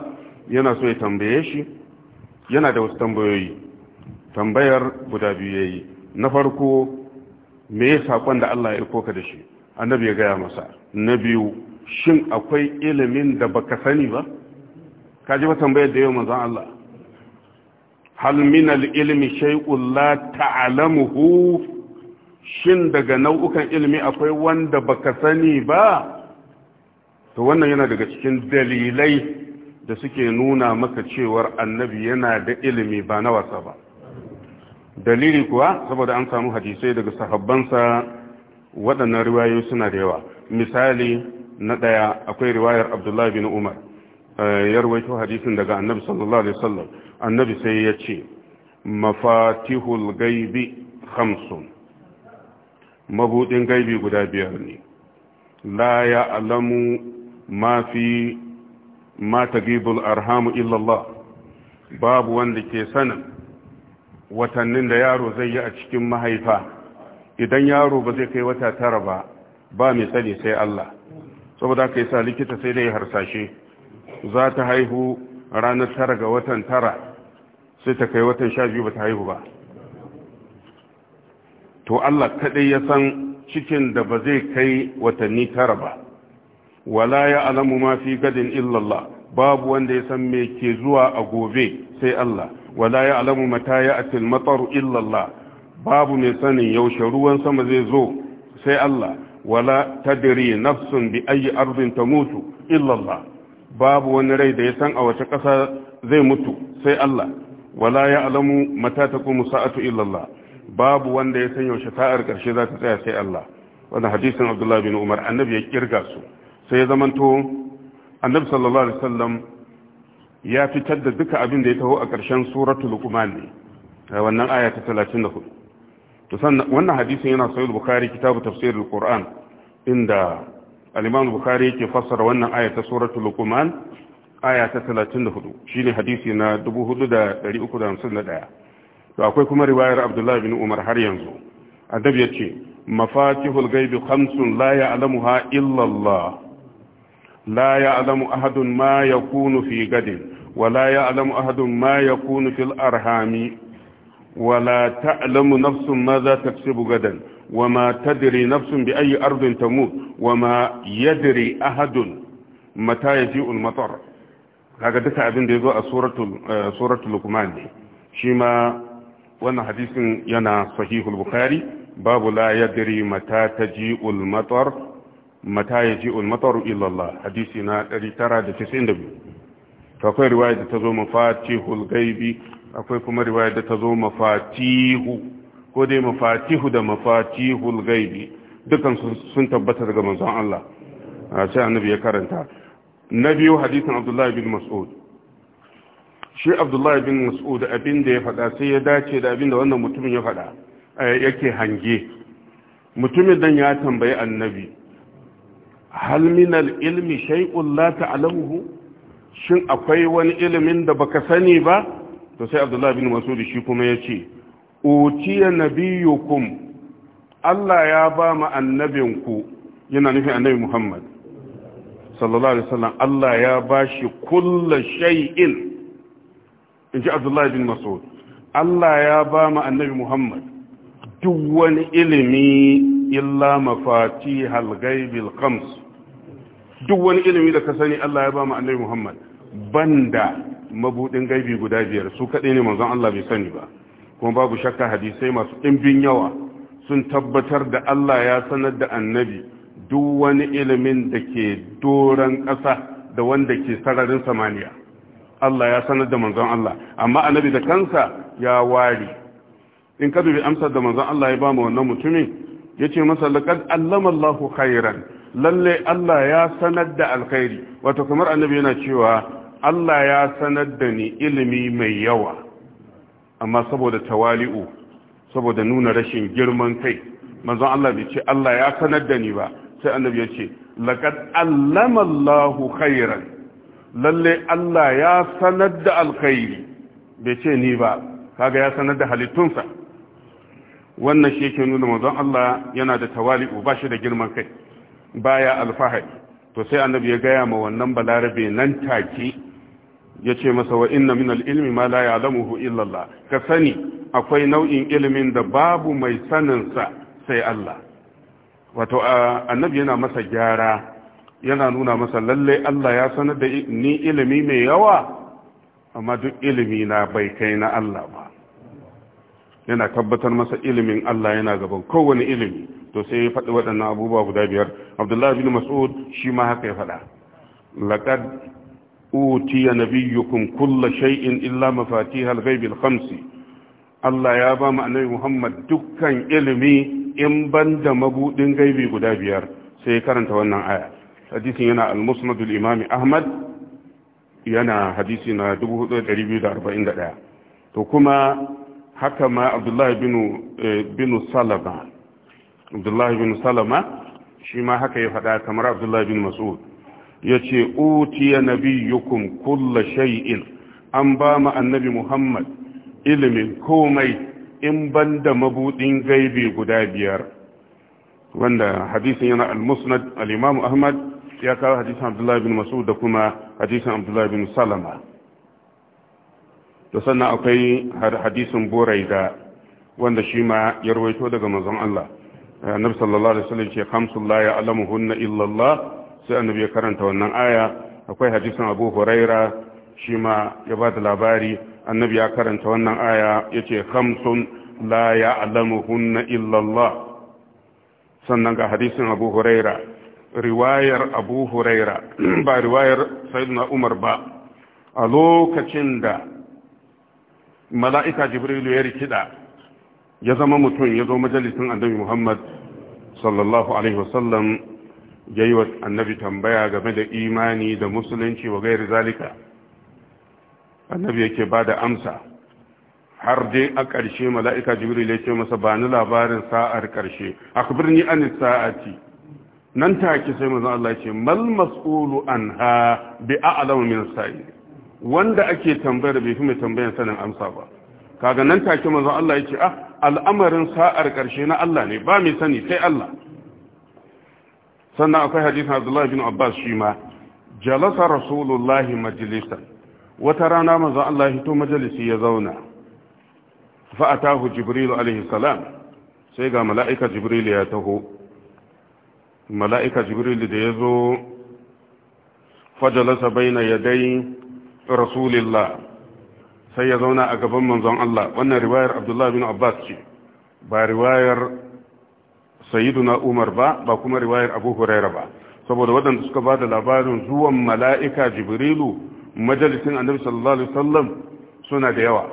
A: yana so ya tambaye shi yana da wasu tambayoyi tambayar guda biyu yayi na farko me ya sakon da Allah ya koka da shi annabi ya gaya masa na biyu shin akwai ilimin da baka sani ba ka ji ba tambayar da yau manzon Allah hal min al-ilmi shay'un la ta'lamuhu shin daga nau'ukan ilmi akwai wanda baka sani ba to wannan yana daga cikin dalilai da suke nuna maka cewar annabi yana da ilimi ba na wasa ba dalili kuwa saboda an samu hadisai daga sahabbansa waɗannan riwayo suna da yawa misali na ɗaya akwai riwayar abdullahi bin umar eh, ya rawaito hadisin daga annabi sallallahu alaihi wasallam annabi sai ya ce mafatihul gaibi khamsun mabuɗin gaibi guda biyar ne la ya alamu mafi. ma tagibul arhamu illallah babu wanda ke sanin watannin da yaro zai yi a cikin mahaifa idan yaro ba zai kai wata tara ba ba mai sani sai Allah saboda ka yi sa likita sai dai harsashe za ta haihu ranar tara ga watan tara sai ta kai watan sha biyu ba ta haihu ba to Allah kaɗai ya san cikin da ba zai kai watanni tara ba wala ya alamu ma fi gadin illallah babu wanda ya san me ke zuwa a gobe sai Allah wala ya alamu mata ya atil illallah babu mai sanin yaushe ruwan sama zai zo sai Allah wala tadri nafsun bi ayi ardin tamutu illallah babu wani rai da ya san a wace ƙasa zai mutu sai Allah wala ya alamu mata taqumu sa'atu illallah babu wanda ya san yaushe sa'ar ƙarshe za ta tsaya sai Allah wannan hadisin Abdullah bin Umar annabi ya kirga su sai ya zamanto annabi sallallahu alaihi wasallam ya fitar da duka abin da ya taho a ƙarshen suratul luqman ne wannan aya ta 34 to sannan wannan hadisin yana sahih bukhari kitabu tafsir qur'an inda al-imam bukhari yake fassara wannan aya ta suratul luqman aya ta 34 shine hadisi na 4351 to akwai kuma riwayar abdullahi bin umar har yanzu adab yace mafatihul ghaibi khamsun la ya'lamuha illa Allah لا يعلم أحد ما يكون في غد ولا يعلم أحد ما يكون في الأرحام ولا تعلم نفس ماذا تكسب غدا وما تدري نفس بأي أرض تموت وما يدري أحد متى يجيء المطر kaga duka abin da ya zo a suratul lukman ne shi ma wannan hadisin yana sahihul bukhari babu la yadri mata taji'ul matar mata ya ji ulmataru illallah hadisi na 992 to akwai riwaya da ta zo mafatihul gaibi akwai kuma riwaya da ta zo mafatihu ko dai mafatihu da mafatihul gaibi dukan sun tabbata daga manzon Allah sai annabi ya karanta na biyu hadisin abdullahi bin mas'ud shi abdullahi bin mas'ud abin da ya faɗa sai ya dace da abin da wannan mutumin ya faɗa eh, yake hange mutumin dan ya tambayi annabi hal min al-ilmi shay'un la ta'lamuhu shin akwai wani ilimin da baka sani ba to sai Abdullahi bin Mas'ud shi kuma yace utiya nabiyukum Allah ya ba mu annabinku yana nufi annabi Muhammad sallallahu alaihi wasallam Allah ya bashi kullu shay'in inji Abdullahi bin Mas'ud Allah ya ba mu annabi Muhammad duk wani ilimi illa mafatihal ghaibil khams duk wani ilimi da ka sani Allah ya ba mu annabi Muhammad banda mabudin gaibi guda biyar su kaɗai ne manzon Allah bai sani ba kuma babu shakka hadisai masu bin yawa sun tabbatar da Allah ya sanar da annabi duk wani ilimin da ke doran ƙasa da wanda ke sararin samaniya Allah ya sanar da manzon Allah amma annabi da kansa ya ware in ka dubi amsar da manzon Allah ya ba mu wannan mutumin yace masa laqad allama Allahu khairan lalle Allah ya sanar da alkhairi wato kamar annabi yana cewa Allah ya sanar da ni ilimi mai yawa amma saboda tawali'u saboda nuna rashin girman kai manzon Allah bai ce Allah ya sanar da ni ba sai annabi ya ce laqad allama Allahu khairan lalle Allah ya sanar da alkhairi bai ce ni ba kaga ya sanar da halittunsa wannan shi yake nuna manzon Allah yana da tawali'u ba shi da girman kai baya alfahari to sai annabi ya gaya ma wannan balarabe nan take ya ce masa wa inna min al'ilmi ma la ya lamuhu illallah ka sani akwai nau'in ilimin da babu mai saninsa sai Allah wato annabi yana masa gyara yana nuna masa lallai Allah ya sanar da ni ilimi mai yawa amma duk ilimi na bai kai na Allah ba yana tabbatar masa ilimin Allah yana gaban kowane ilimi to sai ya faɗi waɗannan abubuwa guda biyar abdullahi bin mas'ud shi ma haka ya faɗa laqad utiya nabiyyukum kulla shay'in illa mafatihal ghaibi al-khamsi Allah ya ba mu annabi Muhammad dukkan ilimi in banda mabudin gaibi guda biyar sai karanta wannan aya hadisin yana al-musnad al-imam Ahmad yana hadisi na 4241 to kuma haka ma abdullahi eh, bin salama abdullahi bin salama shi ma haka ya faɗa kamar abdullahi bin mas'ud ya ce utiya nabiyyukum kulla shay'in an ba ma annabi muhammad ilimin komai in banda mabudin gaibe guda biyar wanda hadisin yana al-musnad al-imam ahmad ya kawo hadisin abdullahi bin mas'ud da kuma hadisin abdullahi bin salama to sannan akwai hadisin borai da wanda shi ma ya rawaito daga mazan Allah annabi sallallahu alaihi wasallam ce khamsul la ya'lamuhunna illa Allah sai annabi ya karanta wannan aya akwai hadisin Abu Huraira shi ma ya bada labari annabi ya karanta wannan aya yace khamsun la ya'lamuhunna illa Allah sannan ga hadisin Abu Huraira riwayar Abu Huraira ba riwayar Sayyidina Umar ba a lokacin da mala'ika jibrilu ya rikida ya zama mutum ya zo majalisun annabi muhammad sallallahu alaihi wasallam ya yi wa annabi tambaya game da imani da musulunci wa gairi zalika annabi yake bada amsa har dai a ƙarshe mala'ika jibril ya ce masa ba ni labarin sa'ar ƙarshe akbirni an sa'ati nan take sai manzon Allah ya ce mal mas'ulu anha bi a'lamu min sa'i wanda ake tambayar bai fi mai tambayar sanin amsa ba kaga nan take manzo Allah yake ah al'amarin sa'ar karshe na Allah ne ba mai sani sai Allah sannan akwai hadisin Abdullah bin Abbas shi ma jalasa rasulullah majlisan wata rana manzo Allah fito majalisi ya zauna fa atahu jibril alaihi salam sai ga mala'ika jibril ya taho mala'ika jibril da yazo fajalasa baina yadayhi rasulillah sai ya zauna a gaban manzon Allah wannan riwayar Abdullah bin Abbas ce ba riwayar sayyiduna Umar ba ba kuma riwayar Abu Huraira ba saboda waɗanda suka ba da labarin zuwan mala'ika Jibrilu majalisin Annabi sallallahu alaihi wasallam suna da yawa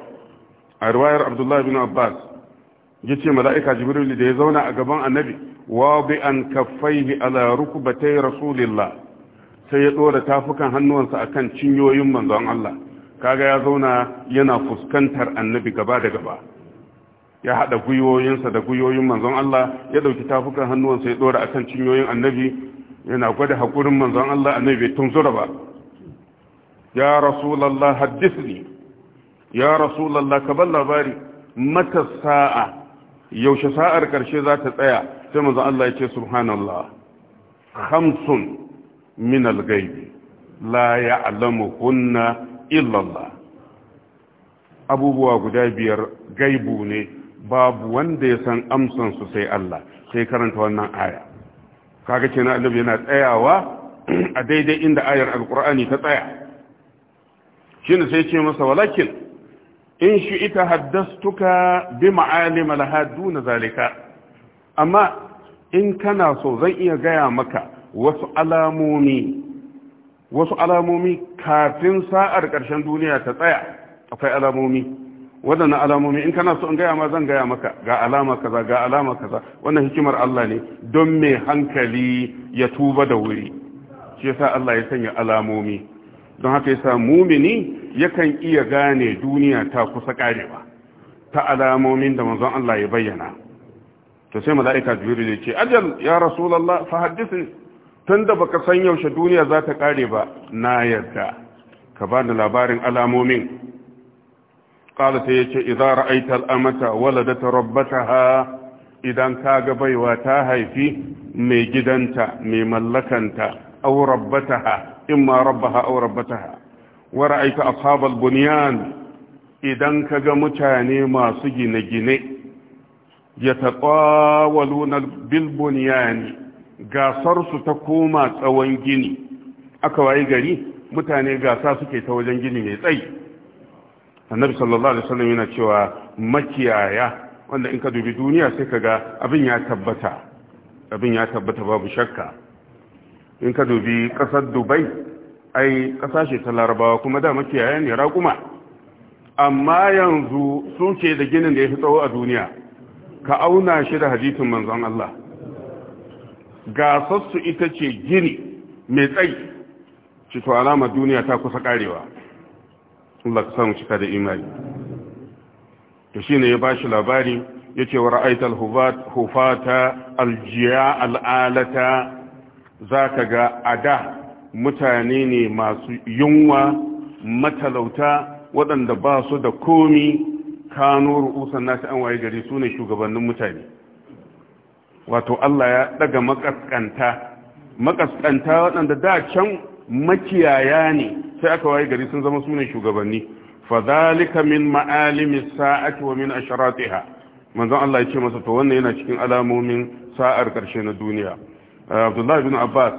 A: a riwayar Abdullah bin Abbas yace mala'ika Jibrilu da ya zauna a gaban Annabi wa bi an kaffaihi ala rukbatay Rasulillah sai ya ɗora tafukan hannuwansa akan cinyoyin manzon Allah kaga ya zauna yana fuskantar annabi gaba da gaba ya haɗa gwiwoyinsa da gwiwoyin manzon Allah ya ɗauki tafukan hannuwansa ya ɗora akan cinyoyin annabi yana gwada haƙurin manzon Allah annabi bai tunzura ba ya rasulallah haddisni ya rasulallah ka bar labari mata sa'a yaushe sa'ar karshe za ta tsaya sai manzon Allah ya ce subhanallah khamsun min al-ghaibi la ya'lamuhunna illa abubuwa guda biyar gaibu ne babu wanda ya san amsan su sai Allah sai karanta wannan aya kaga kenan annabi yana tsayawa a daidai inda ayar alqur'ani ta tsaya shine sai ce masa walakin in shi ita haddastuka bi ma'alim alhaduna zalika amma in kana so zan iya gaya maka wasu alamomi wasu alamomi kafin sa'ar ƙarshen duniya ta tsaya akwai alamomi waɗannan alamomi in kana so in gaya ma zan gaya maka ga alama kaza ga alama kaza wannan hikimar Allah ne don mai hankali ya tuba da wuri shi yasa Allah ya sanya alamomi don haka yasa mumini yakan iya gane duniya ta kusa karewa ta alamomin da manzon Allah ya bayyana to sai mala'ika jibril ya ce ajal ya rasulullah fa haddithni tun da baka san yaushe duniya za ta kare ba na yarda ka ba da labarin alamomin ƙala ta yace idza ra'aita al'amata waladat rabbataha idan ka ga baiwa ta haifi mai gidanta mai mallakanta aw rabbataha imma rabbaha aw rabbataha wa ra'aita ashabal bunyan idan ka ga mutane masu gine-gine yataqawaluna bil bunyani Gasar su ta koma tsawon gini aka waye gari mutane gasa suke ta wajen gini mai tsayi annabi sallallahu alaihi wasallam yana cewa makiyaya wanda in ka dubi duniya sai ka ga abin ya tabbata abin ya tabbata babu shakka in ka dubi kasar dubai ai kasashe ta larabawa kuma da makiyaya ne raƙuma amma yanzu sun ce da ginin da ya fi tsawo a duniya ka auna shi da hadisin manzon Allah gasassu ita ce gini mai tsayi ci to alama duniya ta kusa karewa Allah ka samu cika da imani to shine ya bashi labari yace wa ra'aital hufata aljiya al'alata zaka ga ada mutane ne masu yunwa matalauta waɗanda ba su da komi kanu ru'usan nasu an waye gari su ne shugabannin mutane wato Allah ya daga makaskanta makaskanta waɗanda da can makiyaya ne sai aka waye gari sun zama sunan shugabanni fadhalika min ma'alimi sa'ati wa min asharatiha manzon Allah ya ce masa to wannan yana cikin alamomin sa'ar karshe na duniya uh, Abdullah ibn Abbas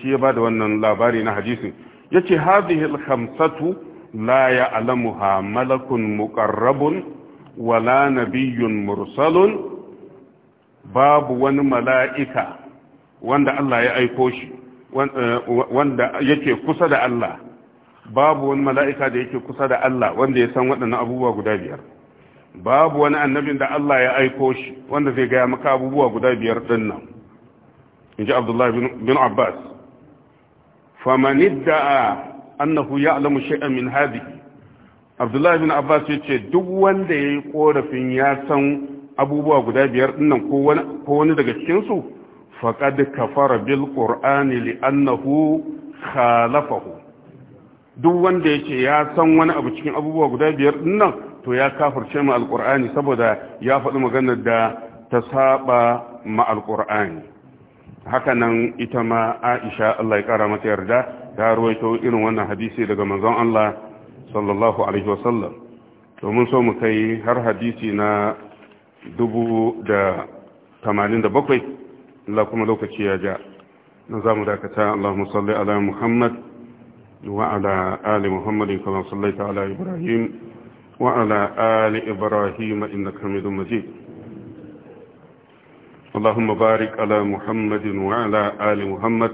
A: shi ya bada wannan labari na hadisin yace hadhihi al-khamsatu la ya'lamuha malakun muqarrabun wala nabiyyun mursalun babu wani mala'ika wanda Allah ya aiko shi eh, wanda yake kusa da Allah babu wani mala'ika da yake kusa da Allah wanda ya san waɗannan abubuwa guda biyar babu wani annabin da Allah ya aiko shi wanda zai gaya maka abubuwa guda biyar ɗin nan in ji abdullahi bin abbas famanidda da'a annahu ya alamu Shai min hadi abdullahi bin abbas ya ce duk wanda ya yi ƙorafin ya san abubuwa guda biyar dinnan ko wani daga cikinsu faƙad kafara bil li li'annahu khalafahu duk wanda yake ya san wani abu cikin abubuwa guda biyar dinnan to ya kafirce ma alƙur'ani saboda ya faɗi maganar da ta saba ma alƙur'ani haka nan ita ma aisha Allah ya ƙara mata yarda ta ruwaito irin wannan hadisi daga manzon Allah sallallahu alaihi wasallam to mun so mu kai har hadisi na dubu da tamanin da bakwai kuma lokaci ya ja na za mu dakata Allahumma salli ala Muhammad wa ala ali Muhammadin kama sallaita ala Ibrahim wa ala ali Ibrahim innaka Hamidum Majid اللهم بارك على محمد وعلى آل محمد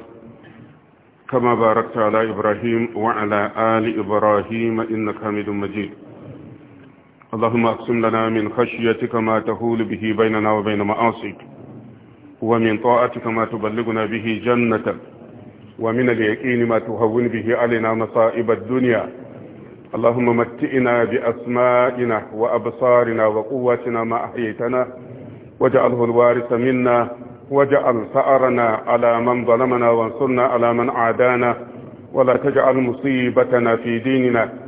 A: كما باركت على إبراهيم وعلى آل إبراهيم إنك حميد مجيد اللهم اقسم لنا من خشيتك ما تهول به بيننا وبين معاصيك ومن طاعتك ما تبلغنا به جنتك ومن اليقين ما تهون به علينا مصائب الدنيا اللهم متئنا بأسمائنا وأبصارنا وقواتنا ما أحييتنا واجعله الوارث منا واجعل ثأرنا على من ظلمنا وانصرنا على من عادانا ولا تجعل مصيبتنا في ديننا